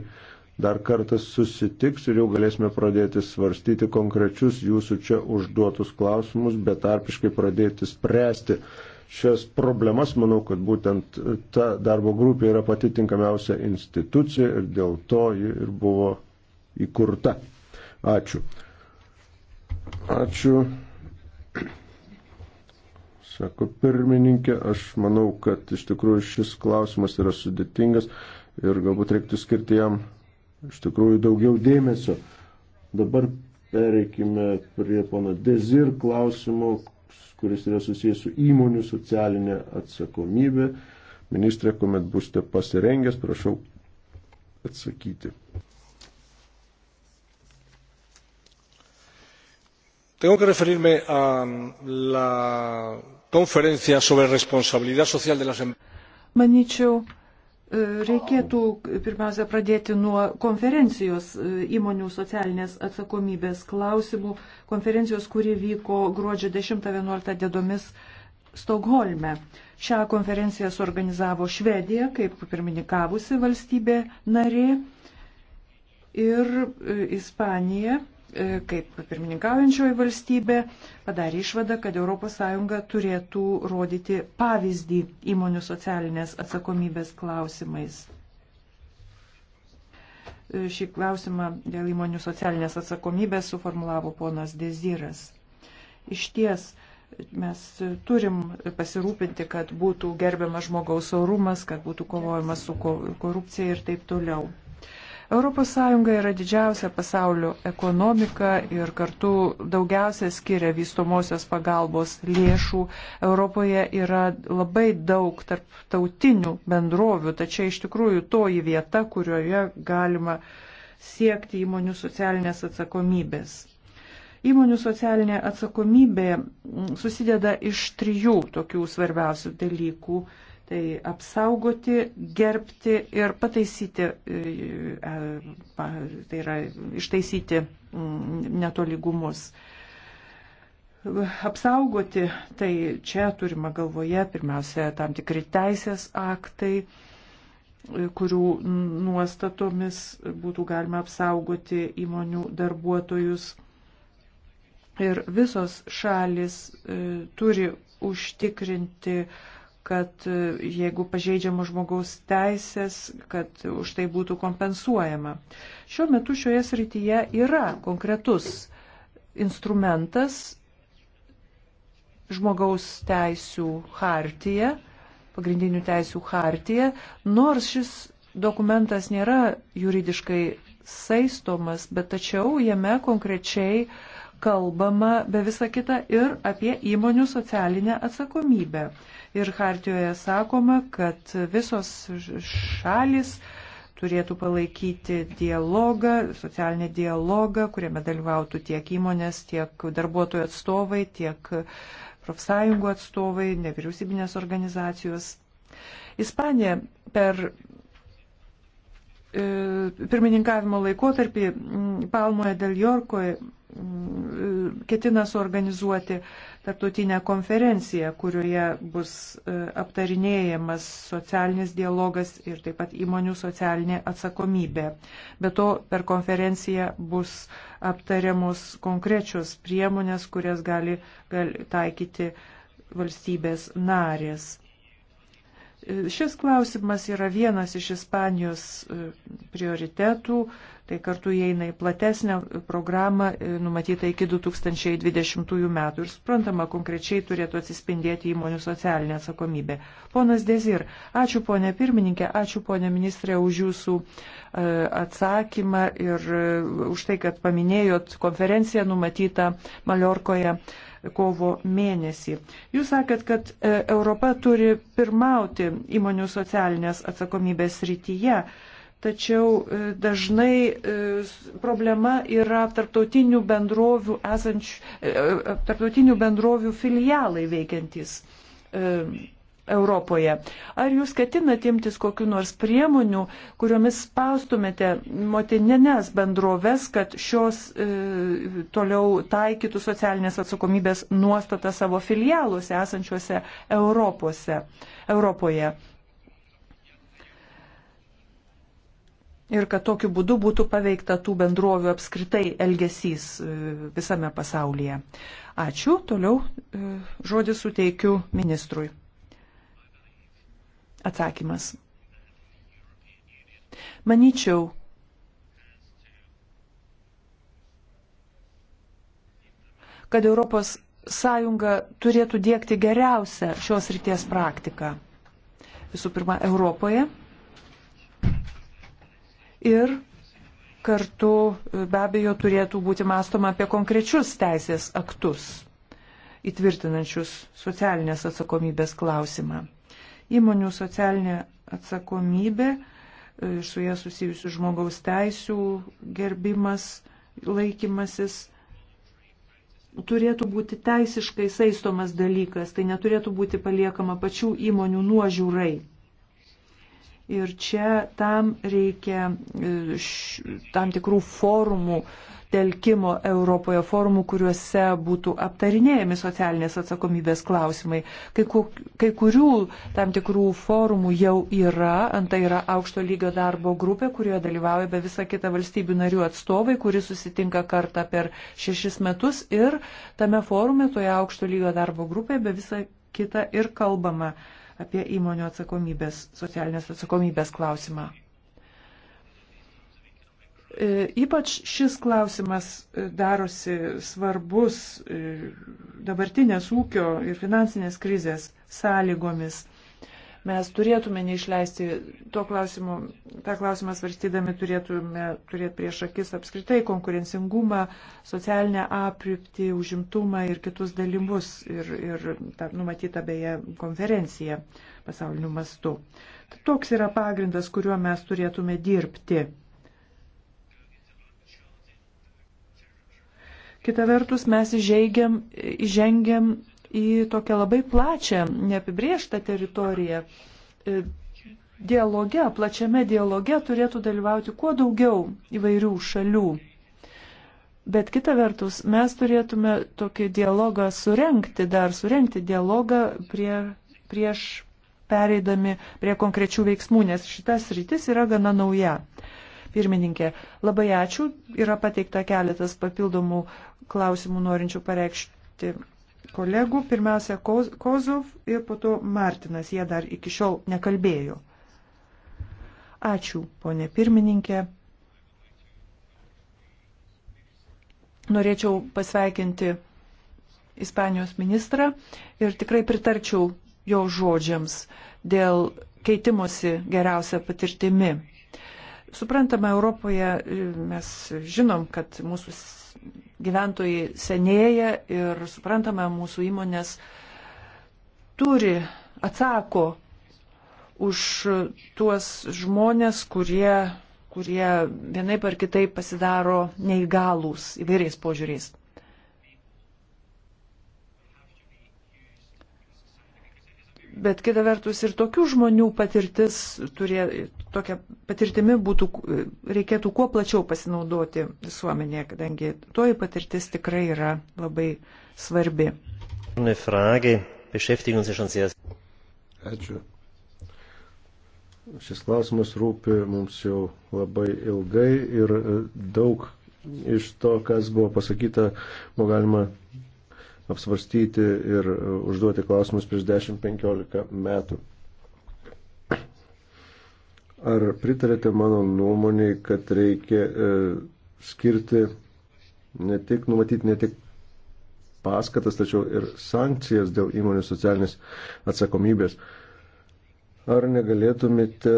dar kartą susitiks ir jau galėsime pradėti svarstyti konkrečius jūsų čia užduotus klausimus, betarpiškai pradėti spręsti šias problemas, manau, kad būtent ta darbo grupė yra pati tinkamiausia institucija ir dėl to ji ir buvo įkurta. Ačiū. Ačiū. Sako pirmininkė, aš manau, kad iš tikrųjų šis klausimas yra sudėtingas ir galbūt reiktų skirti jam iš tikrųjų daugiau dėmesio. Dabar pereikime prie pono Dezir klausimo, kuris yra susijęs su įmonių socialinė atsakomybė. Ministrė, kuomet būsite pasirengęs, prašau atsakyti. Tengo que referirme a la conferencia sobre responsabilidad social de las empresas. Manyčiau, reikėtų pirmiausia pradėti nuo konferencijos e, įmonių socialinės atsakomybės klausimų, konferencijos, kuri vyko gruodžio 10-11 dėdomis Stokholme. Šią konferenciją suorganizavo Švedija, kaip pirmininkavusi valstybė narė, ir e, Ispanija E, kaip pirmininkaujančioji valstybė padarė išvadą, kad ES turėtų rodyti pavyzdį įmonių socialinės atsakomybės klausimais. E, šį klausimą dėl įmonių socialinės atsakomybės suformulavo ponas Deziras. Iš ties, mes turim pasirūpinti, kad būtų gerbiamas žmogaus orumas, kad būtų kovojamas su korupcija ir taip toliau. ES yra didžiausia pasaulio ekonomika ir kartu daugiausia skiria vystomosios pagalbos lėšų. Europoje yra labai daug tarptautinių bendrovių, tačiau iš tikrųjų toji vieta, kurioje galima siekti įmonių socialinės atsakomybės. Įmonių socialinė atsakomybė susideda iš trijų tokių svarbiausių dalykų Tai apsaugoti, gerbti ir pataisyti, e, e, tai yra ištaisyti mm, netoligumus. Apsaugoti, tai čia turima galvoje pirmiausia tam tikri teisės aktai, kurių nuostatomis būtų galima apsaugoti įmonių darbuotojus. Ir visos šalis e, turi užtikrinti kad e, jeigu pažeidžiama žmogaus teisės, kad už tai būtų kompensuojama. Šiuo metu šioje srityje yra konkretus instrumentas žmogaus teisų hartija, pagrindinių teisų hartija, nors šis dokumentas nėra juridiškai saistomas, bet tačiau jame konkrečiai kalbama be visą kitą ir apie įmonių socialinę atsakomybę. Ir hartijoje sakoma, kad visos šalis turėtų palaikyti dialogą, socialinį dialogą, kuriame dalyvautų tiek įmonės, tiek darbuotojų atstovai, tiek profsąjungų atstovai, nevyriausybinės organizacijos. Ispanija per e, pirmininkavimo laikotarpį Palmoje dėl Jorkoje e, ketina suorganizuoti uh, tarptautinę konferenciją, kurioje bus e, aptarinėjamas socialinis dialogas ir taip pat įmonių socialinė atsakomybė. Be to, per konferenciją bus aptariamos konkrečios priemonės, kurias gali, gali taikyti valstybės narės. E, šis klausimas yra vienas iš Ispanijos e, prioritetų Tai kartu įeina į platesnę programą e, numatytą iki 2020 metų ir suprantama, konkrečiai turėtų atsispindėti įmonių socialinė atsakomybė. Ponas Dezir, ačiū ponė pirmininkė, ačiū ponė ministrė už jūsų e, atsakymą ir e, už tai, kad paminėjot konferenciją numatytą Maliorkoje kovo mėnesį. Jūs sakėt, kad Europa turi pirmauti įmonių socialinės atsakomybės rytyje. Tačiau e, dažnai e, problema yra tarptautinių bendrovių, esančių, e, tarptautinių bendrovių filialai veikiantys Europoje. Ar jūs ketinat imtis kokiu nors priemonių, kuriomis spaustumėte motininės bendroves, kad šios toliau taikytų socialinės atsakomybės nuostatą savo filialuose esančiuose Europose, Europoje? ir kad tokiu būdu būtų paveikta tų bendrovių apskritai elgesys e, visame pasaulyje. Ačiū. Toliau e, žodį suteikiu ministrui. Atsakymas. Manyčiau, kad Europos Sąjunga turėtų dėkti geriausią šios ryties praktiką. Visų pirma, Europoje ir kartu e, be abejo turėtų būti mąstoma apie konkrečius teisės aktus įtvirtinančius socialinės atsakomybės klausimą. Įmonių socialinė atsakomybė, e, su jie susijusių žmogaus teisų gerbimas, laikymasis turėtų būti teisiškai saistomas dalykas, tai neturėtų būti paliekama pačių įmonių nuožiūrai. Ir čia tam reikia e, tam tikrų forumų telkimo Europoje, forumų, kuriuose būtų aptarinėjami socialinės atsakomybės klausimai. Kai, ku, kai kurių tam tikrų forumų jau yra, antai yra aukšto lygio darbo grupė, kurioje dalyvauja be visą kitą valstybių narių atstovai, kuri susitinka kartą per šešis metus ir tame forume, toje aukšto lygio darbo grupėje be visą kitą ir kalbama apie įmonių atsakomybės, socialinės atsakomybės klausimą. E, ypač šis klausimas e, darosi svarbus e, dabartinės ūkio ir finansinės krizės sąlygomis Mes turėtume neišleisti to klausimo, tą klausimą svarstydami turėtume turėti prieš akis apskritai konkurencingumą, socialinę aprypti, užimtumą ir kitus dalymus ir, ir ta, numatyta beje konferencija pasauliniu mastu. Tai toks yra pagrindas, kuriuo mes turėtume dirbti. Kita vertus, mes įžeigiam, įžengiam į tokią labai plačią, neapibrieštą teritoriją. E, dialoge, plačiame dialoge turėtų dalyvauti kuo daugiau įvairių šalių. Bet kita vertus, mes turėtume tokį dialogą surenkti, dar surenkti dialogą prie, prieš pereidami prie konkrečių veiksmų, nes šitas rytis yra gana nauja. Pirmininkė, labai ačiū. Yra pateikta keletas papildomų klausimų norinčių pareikšti kolegų, pirmiausia Kozov ir po to Martinas, jie dar iki šiol nekalbėjo. Ačiū, ponė pirmininkė. Norėčiau pasveikinti Ispanijos ministrą ir tikrai pritarčiau jo žodžiams dėl keitimosi geriausia patirtimi. Suprantama, Europoje e, mes žinom, kad mūsų gyventojai senėja ir suprantama, mūsų įmonės turi, atsako už tuos žmonės, kurie, kurie vienaip ar kitaip pasidaro neįgalūs įvairiais požiūriais. Bet kita vertus ir tokių žmonių patirtis, turė, tokia patirtimi būtų, reikėtų kuo plačiau pasinaudoti visuomenėje, kadangi toji patirtis tikrai yra labai svarbi. Ačiū. Šis klausimas rūpi mums jau labai ilgai ir e, daug iš to, kas buvo pasakyta, buvo galima apsvarstyti ir e, užduoti klausimus prieš 10-15 metų. Ar pritarėte mano nuomonį, kad reikia e, skirti ne tik, numatyti ne tik paskatas, tačiau ir sankcijas dėl įmonių socialinės atsakomybės? Ar negalėtumėte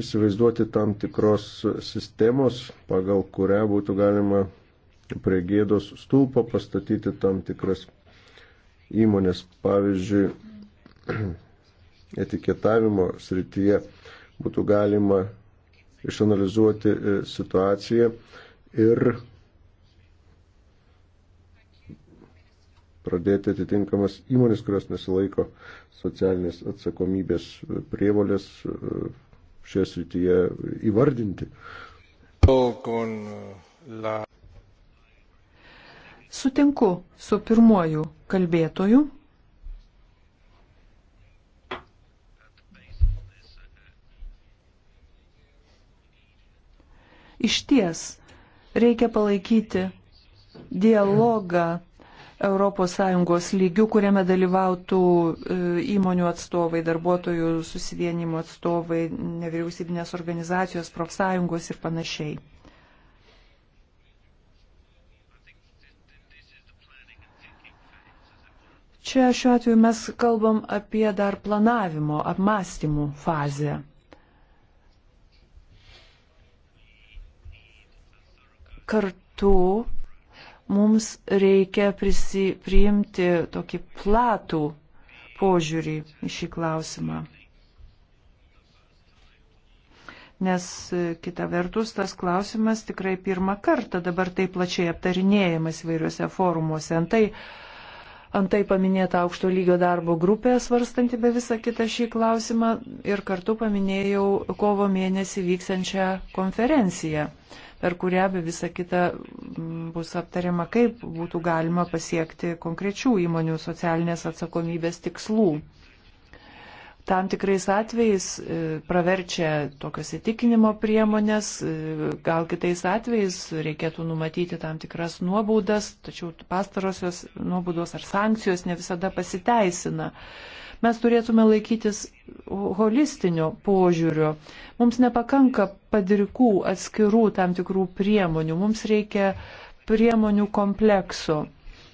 įsivaizduoti tam tikros sistemos, pagal kurią būtų galima prie gėdos stulpo pastatyti tam tikras įmonės, pavyzdžiui, etiketavimo srityje būtų galima išanalizuoti e, situaciją ir pradėti atitinkamas įmonės, kurios nesilaiko socialinės atsakomybės prievolės e, šioje srityje įvardinti. Con la... Sutinku su pirmuoju kalbėtoju. Iš ties reikia palaikyti dialogą ES lygių, kuriame dalyvautų e, įmonių atstovai, darbuotojų susivienimo atstovai, nevyriausybinės organizacijos, profsąjungos ir panašiai. Čia šiuo atveju mes kalbam apie dar planavimo, apmąstymų fazę. Kartu mums reikia prisi, priimti tokį platų požiūrį į šį klausimą. Nes e, kita vertus, tas klausimas tikrai pirmą kartą dabar taip plačiai aptarinėjamas įvairiuose forumuose. Antai, uh, antai paminėta aukšto lygio darbo grupė svarstanti be visą kitą šį klausimą ir kartu paminėjau kovo mėnesį vyksiančią konferenciją, per kurią be visą kitą mm, bus aptariama, kaip būtų galima pasiekti konkrečių įmonių socialinės atsakomybės tikslų tam tikrais atvejais e, praverčia tokios įtikinimo priemonės, e, gal kitais atvejais reikėtų numatyti tam tikras nuobaudas, tačiau pastarosios nuobaudos ar sankcijos ne visada pasiteisina. Mes turėtume laikytis holistinio požiūrio. Mums nepakanka padirikų atskirų tam tikrų priemonių, mums reikia priemonių komplekso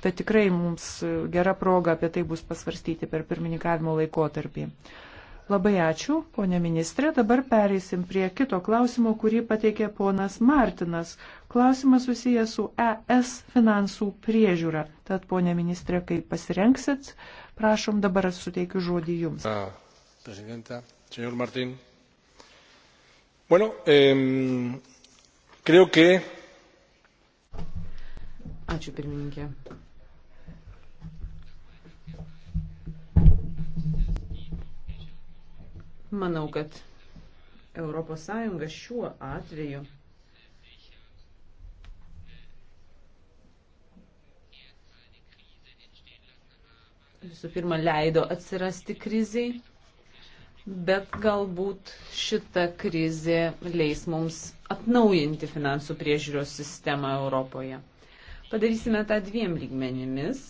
Tad tikrai mums gera proga apie tai bus pasvarstyti per pirmininkavimo laikotarpį. Labai ačiū, ponė ministrė. Dabar pereisim prie kito klausimo, kurį pateikė ponas Martinas. Klausimas susijęs su ES finansų priežiūra. Tad, ponė ministrė, kai pasirenksit, prašom dabar suteikiu žodį jums. Prezidentą, senor Martin. Bueno, eh, creo que. Ačiū pirmininkė. Manau, kad ES šiuo atveju visų pirma leido atsirasti kriziai, bet galbūt šita krizė leis mums atnaujinti finansų priežiūros sistemą Europoje. Padarysime tą dviem lygmenimis.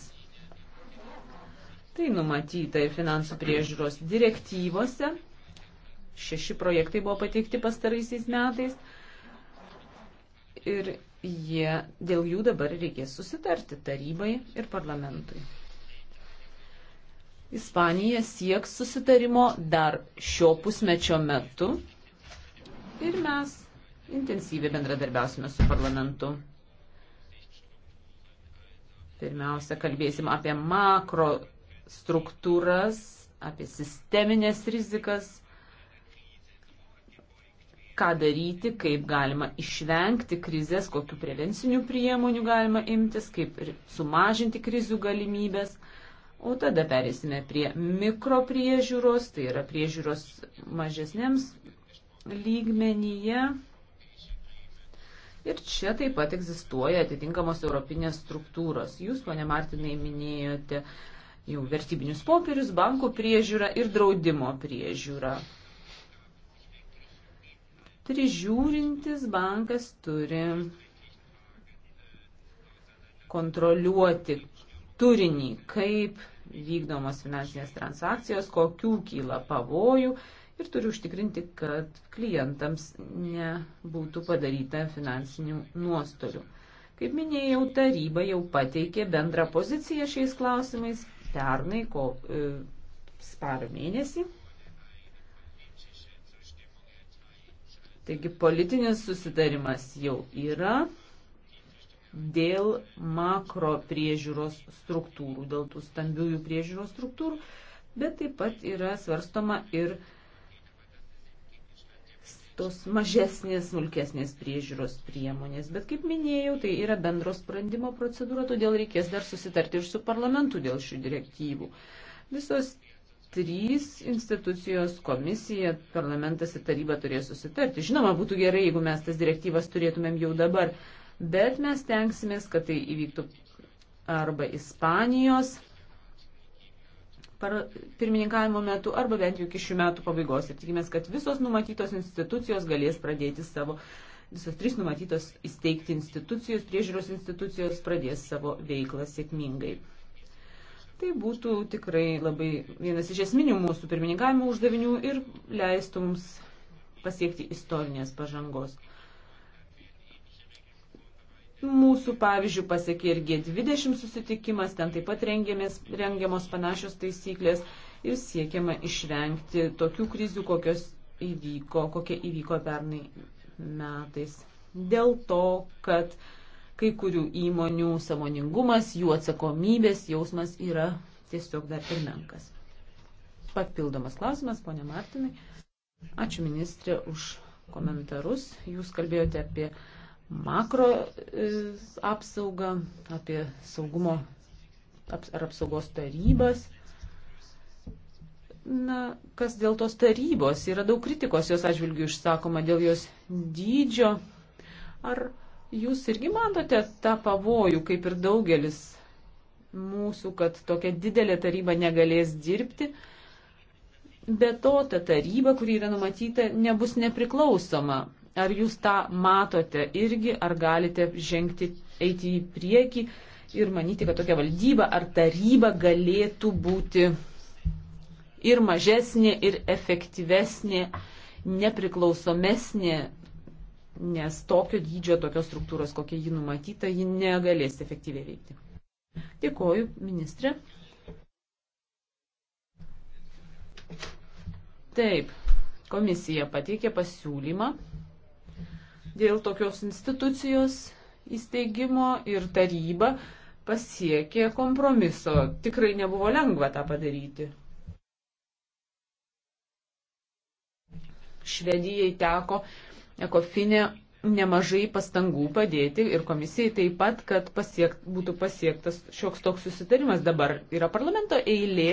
Tai numatyta ir finansų priežiūros direktyvose Šeši projektai buvo pateikti pastaraisiais metais ir jie, dėl jų dabar reikės susitarti tarybai ir parlamentui. Ispanija sieks susitarimo dar šio pusmečio metu ir mes intensyviai bendradarbiausime su parlamentu. Pirmiausia, kalbėsim apie makro struktūras, apie sisteminės rizikas ką daryti, kaip galima išvengti krizės, kokiu prevencinių priemonių galima imtis, kaip sumažinti krizių galimybės. O tada perėsime prie mikropriežiūros, tai yra priežiūros mažesnėms lygmenyje. Ir čia taip pat egzistuoja atitinkamos europinės struktūros. Jūs, ponė Martinai, minėjote jau vertybinius popierius, bankų priežiūrą ir draudimo priežiūrą. Prižiūrintis bankas turi kontroliuoti turinį, kaip vykdomos finansinės transakcijos, kokių kyla pavojų ir turi užtikrinti, kad klientams nebūtų padaryta finansinių nuostolių. Kaip minėjau, taryba jau pateikė bendrą poziciją šiais klausimais pernai, ko, e, spalio mėnesį. Taigi politinis susitarimas jau yra dėl makro priežiūros struktūrų, dėl tų stambiųjų priežiūros struktūrų, bet taip pat yra svarstoma ir tos mažesnės, smulkesnės priežiūros priemonės. Bet kaip minėjau, tai yra bendro sprendimo procedūra, todėl reikės dar susitarti ir su parlamentu dėl šių direktyvų. Visos trys institucijos - komisija, parlamentas ir taryba turės susitarti. Žinoma, būtų gerai, jeigu mes tas direktyvas turėtumėm jau dabar, bet mes tenksimės, kad tai įvyktų arba Ispanijos pirmininkavimo metu arba bent jau iki šių metų pabaigos. Ir tikimės, kad visos numatytos institucijos galės pradėti savo, visos trys numatytos įsteigti institucijos, priežiūros institucijos pradės savo veiklą sėkmingai. Tai būtų tikrai labai vienas iš esminių mūsų pirmininkavimo uždavinių ir leistų mums pasiekti istorinės pažangos. Mūsų pavyzdžių pasiekė ir G20 susitikimas, ten taip pat rengiamos panašios taisyklės ir siekiama išvengti tokių krizių, kokios įvyko, kokie įvyko pernai metais. Dėl to, kad uh, Kai kurių įmonių samoningumas, jų atsakomybės jausmas yra tiesiog dar per menkas. Papildomas klausimas, ponė Martinai. Ačiū ministrė už komentarus. Jūs kalbėjote apie makro e, apsaugą, apie saugumo ar apsaugos tarybas. Na, kas dėl tos tarybos? Yra daug kritikos jos atžvilgių išsakoma dėl jos dydžio. Ar Jūs irgi matote tą pavojų, kaip ir daugelis mūsų, kad tokia didelė taryba negalės dirbti. Be to, ta taryba, kuri yra numatyta, nebus nepriklausoma. Ar jūs tą matote irgi, ar galite žengti, eiti į priekį ir manyti, kad tokia valdyba ar taryba galėtų būti ir mažesnė, ir efektyvesnė, nepriklausomesnė, nes tokio dydžio, tokios struktūros, kokia ji numatyta, ji negalės efektyviai veikti. Dėkoju, ministrė. Taip, komisija pateikė pasiūlymą dėl tokios institucijos įsteigimo ir taryba pasiekė kompromiso. Tikrai nebuvo lengva tą padaryti. Švedijai teko ekofinė nemažai pastangų padėti ir komisijai taip pat, kad pasiekt, būtų pasiektas šioks toks susitarimas. Dabar yra parlamento eilė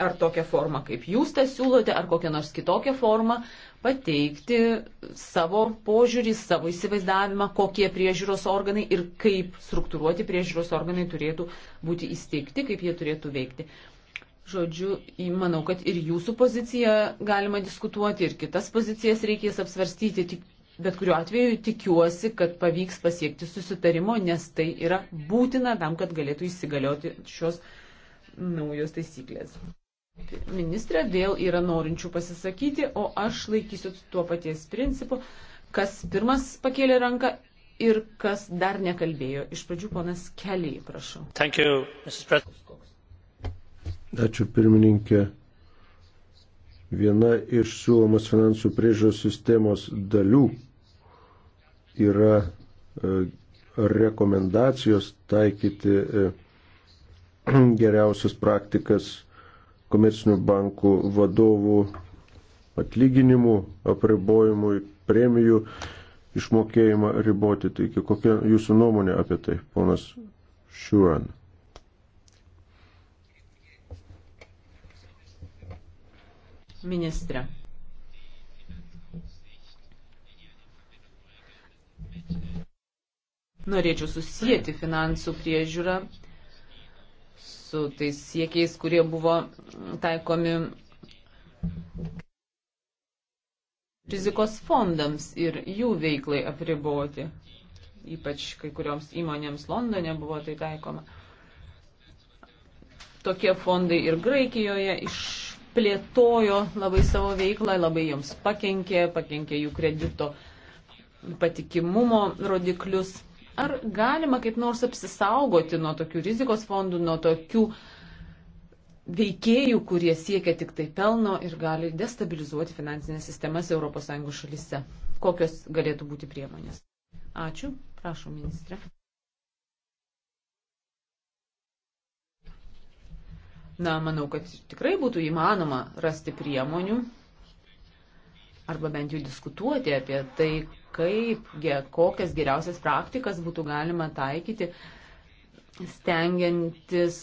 ar tokią formą, kaip jūs tą siūlote, ar kokią nors kitokią formą, pateikti savo požiūrį, savo įsivaizdavimą, kokie priežiūros organai ir kaip struktūruoti priežiūros organai turėtų būti įsteigti, kaip jie turėtų veikti. Žodžiu, manau, kad ir jūsų poziciją galima diskutuoti, ir kitas pozicijas reikės apsvarstyti, tik, bet kuriuo atveju tikiuosi, kad pavyks pasiekti susitarimo, nes tai yra būtina tam, kad galėtų įsigalioti šios naujos taisyklės. Ministrė vėl yra norinčių pasisakyti, o aš laikysiu tuo paties principu, kas pirmas pakėlė ranką ir kas dar nekalbėjo. Iš pradžių ponas Kelly, prašau. Thank you, Mrs. President. Ačiū pirmininkė. Viena iš siūlomos finansų priežiūros sistemos dalių yra e, rekomendacijos taikyti e, geriausias praktikas komercinių bankų vadovų atlyginimų, apribojimų, premijų išmokėjimą riboti. Taigi, kokia jūsų nuomonė apie tai, ponas Šiuran? ministrė. Norėčiau susijęti finansų priežiūrą su tais siekiais, kurie buvo taikomi rizikos fondams ir jų veiklai apriboti. Ypač kai kurioms įmonėms Londone buvo tai taikoma. Tokie fondai ir Graikijoje iš plėtojo labai savo veiklą, labai joms pakenkė, pakenkė jų kredito patikimumo rodiklius. Ar galima kaip nors apsisaugoti nuo tokių rizikos fondų, nuo tokių veikėjų, kurie siekia tik tai pelno ir gali destabilizuoti finansinės sistemas ES šalise? Kokios galėtų būti priemonės? Ačiū, prašau ministrė. Na, manau, kad tikrai būtų įmanoma rasti priemonių arba bent jau diskutuoti apie tai, kaip, kokias geriausias praktikas būtų galima taikyti, stengiantis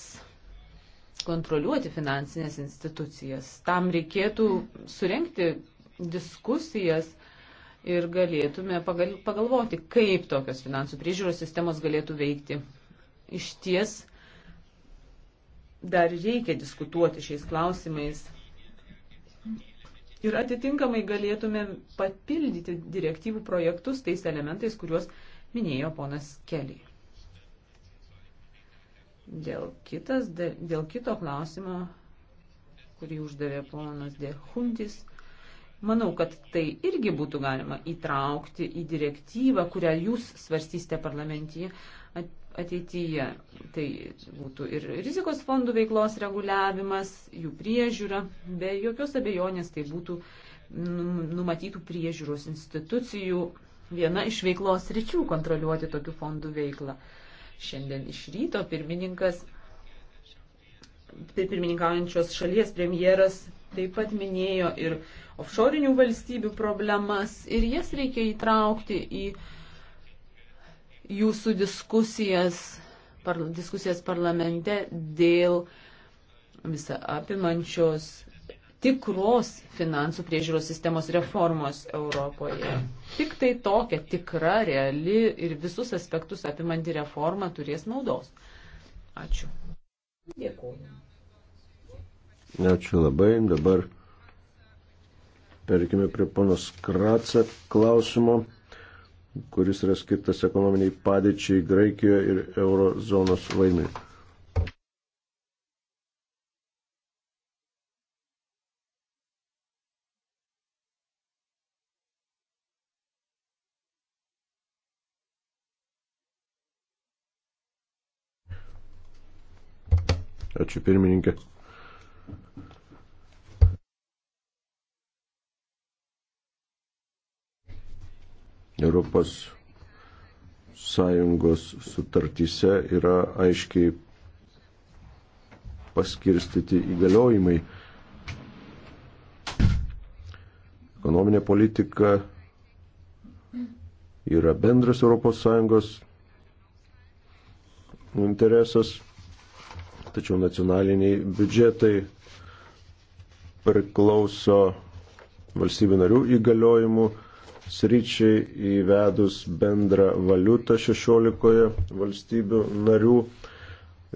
kontroliuoti finansinės institucijas. Tam reikėtų surenkti diskusijas ir galėtume pagal, pagalvoti, kaip tokios finansų priežiūros sistemos galėtų veikti. Iš ties dar reikia diskutuoti šiais klausimais. Ir atitinkamai galėtume papildyti direktyvų projektus tais elementais, kuriuos minėjo ponas Kelly. Dėl, kitas, dėl kito klausimo, kurį uždavė ponas Dehuntis, manau, kad tai irgi būtų galima įtraukti į direktyvą, kurią jūs svarstysite parlamentėje ateityje. Tai būtų ir rizikos fondų veiklos reguliavimas, jų priežiūra, be jokios abejonės tai būtų numatytų priežiūros institucijų viena iš veiklos ryčių kontroliuoti tokių fondų veiklą. Šiandien iš ryto pirmininkas, pirmininkaujančios šalies premjeras taip pat minėjo ir offshorinių valstybių problemas ir jas reikia įtraukti į jūsų diskusijas, par, diskusijas parlamente dėl visą apimančios tikros finansų priežiūros sistemos reformos Europoje. Tik tai tokia tikra, reali ir visus aspektus apimanti reforma turės naudos. Ačiū. Dėkuoju. Ačiū labai. Dabar perkime prie ponos Kratsa klausimo kuris yra skirtas ekonominiai padėčiai Graikijoje ir eurozonos vaidmeniui. Ačiū pirmininkė. Europos Sąjungos sutartyse yra aiškiai paskirstyti įgaliojimai. Ekonominė politika yra bendras ES interesas, tačiau nacionaliniai biudžetai priklauso valstybių narių įgaliojimų sričiai įvedus bendrą valiutą 16 valstybių narių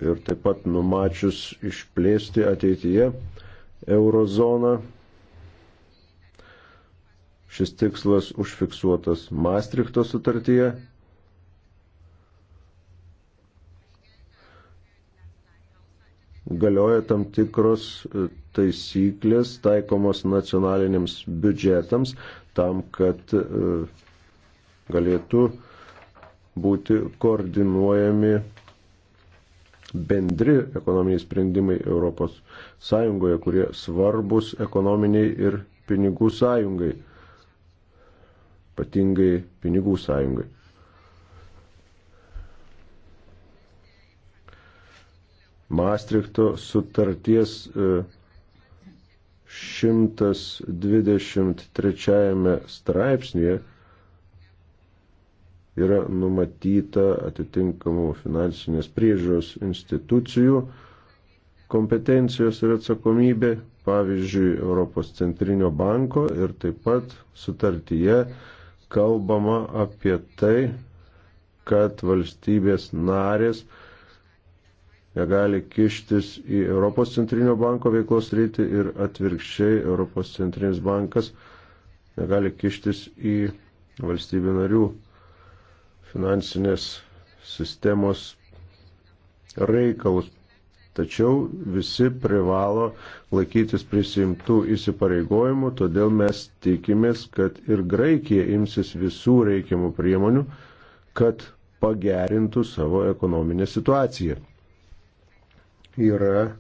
ir taip pat numačius išplėsti ateityje eurozoną. Šis tikslas užfiksuotas Maastrichto sutartyje galioja tam tikros e, taisyklės taikomos nacionaliniams biudžetams tam, kad e, galėtų būti koordinuojami bendri ekonominiai sprendimai Europos Sąjungoje, kurie svarbus ekonominiai ir pinigų sąjungai, ypatingai pinigų sąjungai. Maastrichto sutarties 123 e, straipsnėje yra numatyta atitinkamų finansinės priežiūros institucijų kompetencijos ir atsakomybė, pavyzdžiui, Europos centrinio banko ir taip pat sutartyje kalbama apie tai, kad valstybės narės negali kištis į Europos centrinio banko veiklos rytį ir atvirkščiai Europos centrinis bankas negali kištis į valstybių narių finansinės sistemos reikalus. Tačiau visi privalo laikytis prisimtų įsipareigojimų, todėl mes tikimės, kad ir Graikija imsis visų reikiamų priemonių, kad pagerintų savo ekonominę situaciją yra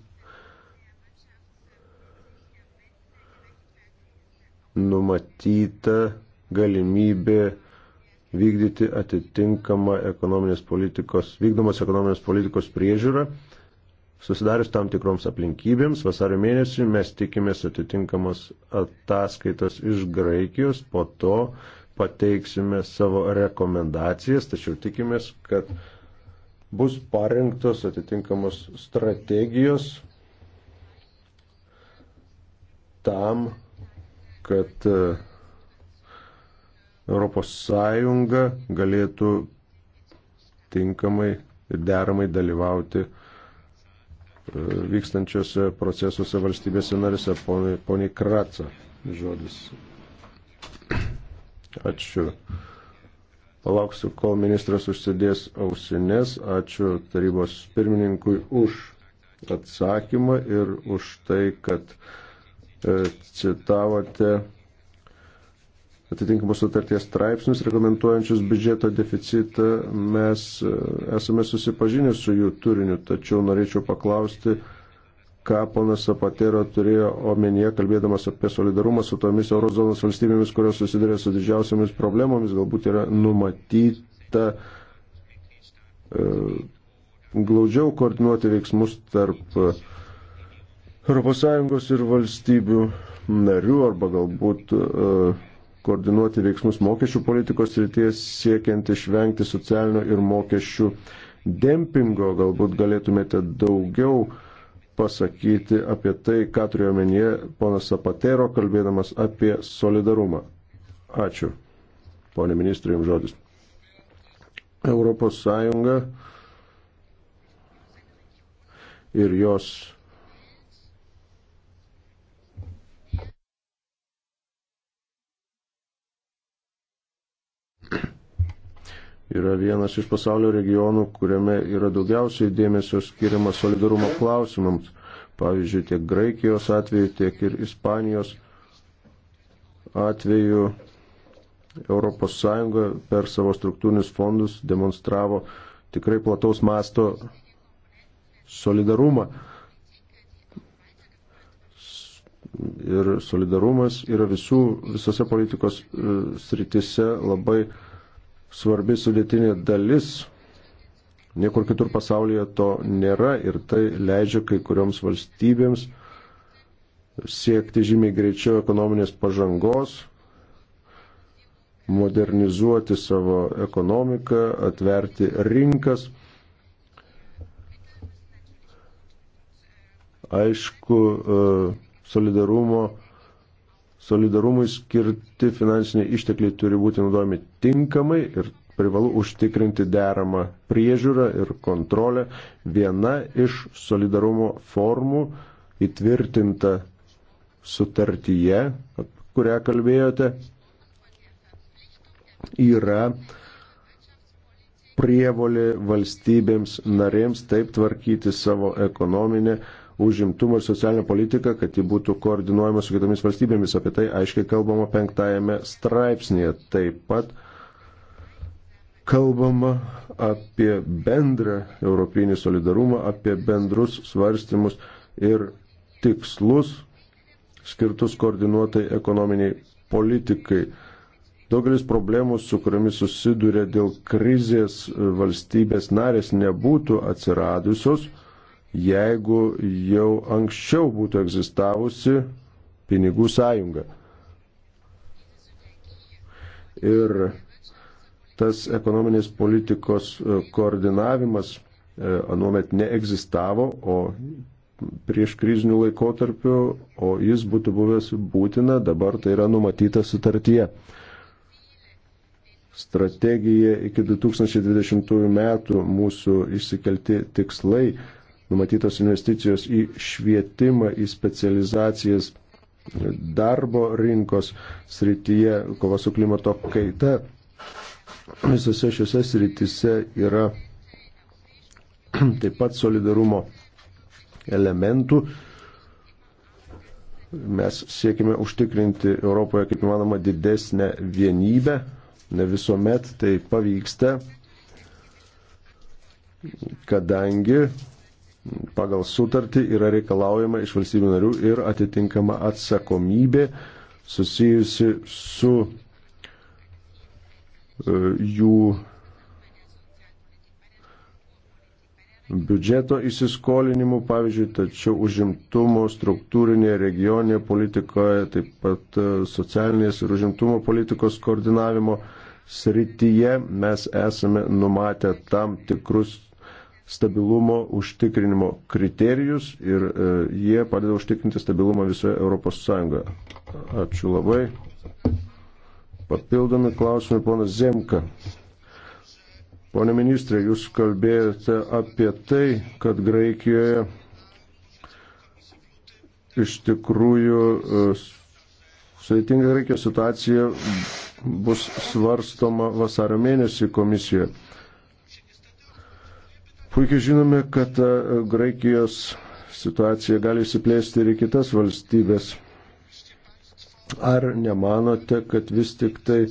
numatyta galimybė vykdyti atitinkamą ekonominės politikos, vykdomos ekonominės politikos priežiūrą. Susidarius tam tikroms aplinkybėms, vasario mėnesį mes tikimės atitinkamos ataskaitos iš Graikijos, po to pateiksime savo rekomendacijas, tačiau tikimės, kad bus parengtos atitinkamos strategijos tam, kad ES galėtų tinkamai ir deramai dalyvauti e, vykstančiose procesuose valstybėse narise. Poniai Kratsa žodis. Ačiū. Palauksiu, kol ministras užsidės ausinės. Ačiū tarybos pirmininkui už atsakymą ir už tai, kad e, citavote atitinkamus sutarties straipsnius reglamentuojančius biudžeto deficitą. Mes e, esame susipažinę su jų turiniu, tačiau norėčiau paklausti, ką ponas Zapatero turėjo omenyje, kalbėdamas apie solidarumą su tomis eurozonos valstybėmis, kurios susiduria su didžiausiamis problemomis, galbūt yra numatyta e, glaudžiau koordinuoti veiksmus tarp e, ES ir valstybių narių arba galbūt e, koordinuoti veiksmus mokesčių politikos ryties siekiant išvengti socialinio ir mokesčių dempingo, galbūt galėtumėte daugiau uh, pasakyti apie tai, ką turėjo menyje ponas Sapatero, kalbėdamas apie solidarumą. Ačiū. Pone ministrė, jums žodis. Europos Sąjunga ir jos yra vienas iš pasaulio regionų, kuriame yra daugiausiai dėmesio skiriama solidarumo klausimams. Pavyzdžiui, tiek Graikijos atveju, tiek ir Ispanijos atveju ES per savo struktūrinius fondus demonstravo tikrai plataus masto solidarumą. Ir solidarumas yra visų, visose politikos e, sritise labai uh, svarbi sudėtinė dalis. Niekur kitur pasaulyje to nėra ir tai leidžia kai kurioms valstybėms siekti žymiai greičiau ekonominės pažangos, modernizuoti savo ekonomiką, atverti rinkas. Aišku, e, solidarumo solidarumui skirti finansiniai ištekliai turi būti naudojami tinkamai ir privalu užtikrinti deramą priežiūrą ir kontrolę. Viena iš solidarumo formų įtvirtinta sutartyje, kurią kalbėjote, yra prievolė valstybėms narėms taip tvarkyti savo ekonominę užimtumo ir socialinę politiką, kad ji būtų koordinuojama su kitomis valstybėmis. Apie tai aiškiai kalbama penktajame straipsnėje. Taip pat kalbama apie bendrą europinį solidarumą, apie bendrus svarstymus ir tikslus skirtus koordinuotai ekonominiai politikai. Daugelis problemų, su kuriamis susiduria dėl krizės valstybės narės, nebūtų atsiradusios, jeigu jau anksčiau būtų egzistavusi pinigų sąjunga. Ir tas ekonominės politikos e, koordinavimas e, anuomet neegzistavo, o prieš krizinių laikotarpių, o jis būtų buvęs būtina, dabar tai yra numatyta sutartyje. Strategija iki 2020 metų mūsų išsikelti tikslai numatytos investicijos į švietimą, į specializacijas darbo rinkos srityje, kova su klimato kaita. Visose šiose srityse yra taip pat solidarumo elementų. Mes siekime užtikrinti Europoje kaip įmanoma didesnę vienybę. Ne visuomet tai pavyksta, kadangi pagal sutartį yra reikalaujama iš valstybių narių ir atitinkama atsakomybė susijusi su e, jų biudžeto įsiskolinimu, pavyzdžiui, tačiau užimtumo struktūrinėje regioninėje politikoje, taip pat e, socialinės ir užimtumo politikos koordinavimo srityje mes esame numatę tam tikrus stabilumo užtikrinimo kriterijus ir e, jie padeda užtikrinti stabilumą visoje Europos Sąjungoje. Ačiū labai. Papildomi klausimai, ponas Zemka. Pone ministrė, jūs kalbėjote apie tai, kad Graikijoje iš tikrųjų e, sudėtinga Graikijos situacija bus svarstoma vasario mėnesį komisijoje. Puikiai žinome, kad e, Graikijos situacija gali įsiplėsti ir į kitas valstybės. Ar nemanote, kad vis tik tai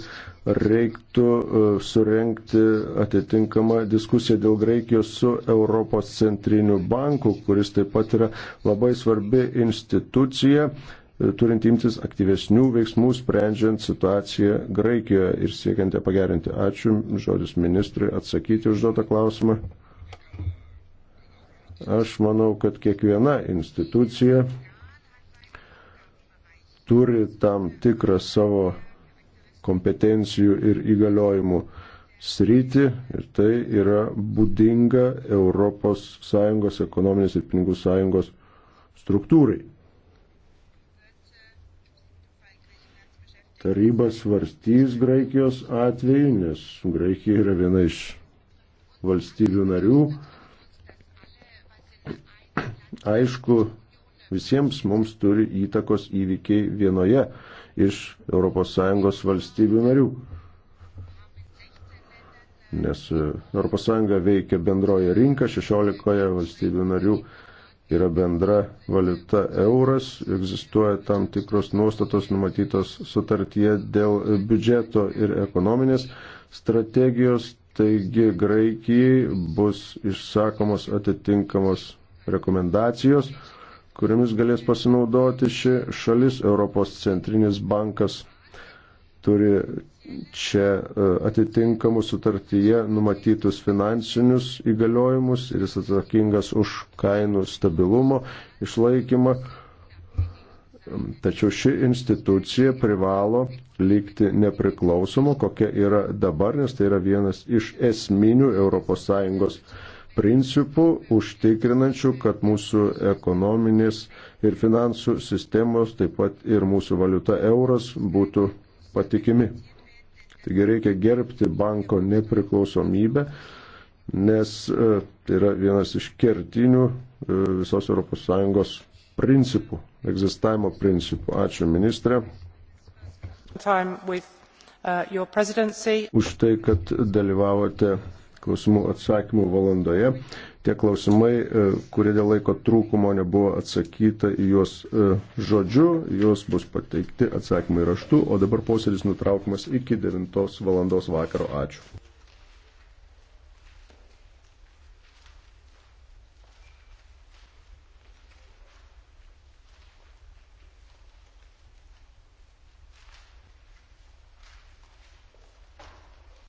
reiktų e, surenkti atitinkamą diskusiją dėl Graikijos su Europos centriniu banku, kuris taip pat yra labai svarbi institucija, e, turint imtis aktyvesnių veiksmų, sprendžiant situaciją Graikijoje ir siekiant ją pagerinti. Ačiū, žodis ministrui, atsakyti užduotą klausimą. Aš manau, kad kiekviena institucija turi tam tikrą savo kompetencijų ir įgaliojimų sritį ir tai yra būdinga ES ekonominės ir pinigų sąjungos struktūrai. Taryba svarstys Graikijos atvejį, nes Graikija yra viena iš valstybių narių, aišku, visiems mums turi įtakos įvykiai vienoje iš ES valstybių narių. Nes e, ES veikia bendroje rinka, 16 valstybių narių yra bendra valiuta euras, egzistuoja tam tikros nuostatos numatytos sutartyje dėl biudžeto ir ekonominės strategijos, taigi Graikijai bus išsakomos atitinkamos rekomendacijos, kuriamis galės pasinaudoti ši šalis. Europos centrinis bankas turi čia e, atitinkamus sutartyje numatytus finansinius įgaliojimus ir jis atsakingas už kainų stabilumo išlaikymą. Tačiau ši institucija privalo likti nepriklausomo, kokia yra dabar, nes tai yra vienas iš esminių ES principų, užtikrinančių, kad mūsų ekonominis ir finansų sistemos, taip pat ir mūsų valiuta euras būtų patikimi. Taigi reikia gerbti banko nepriklausomybę, nes e, tai yra vienas iš kertinių e, visos ES principų, egzistavimo principų. Ačiū ministrė. With, uh, už tai, kad dalyvavote klausimų atsakymų valandoje. Tie klausimai, e, kurie dėl laiko trūkumo nebuvo atsakyta į juos e, žodžiu, juos bus pateikti atsakymai raštu, o dabar posėdis nutraukimas iki 9 valandos vakaro. Ačiū.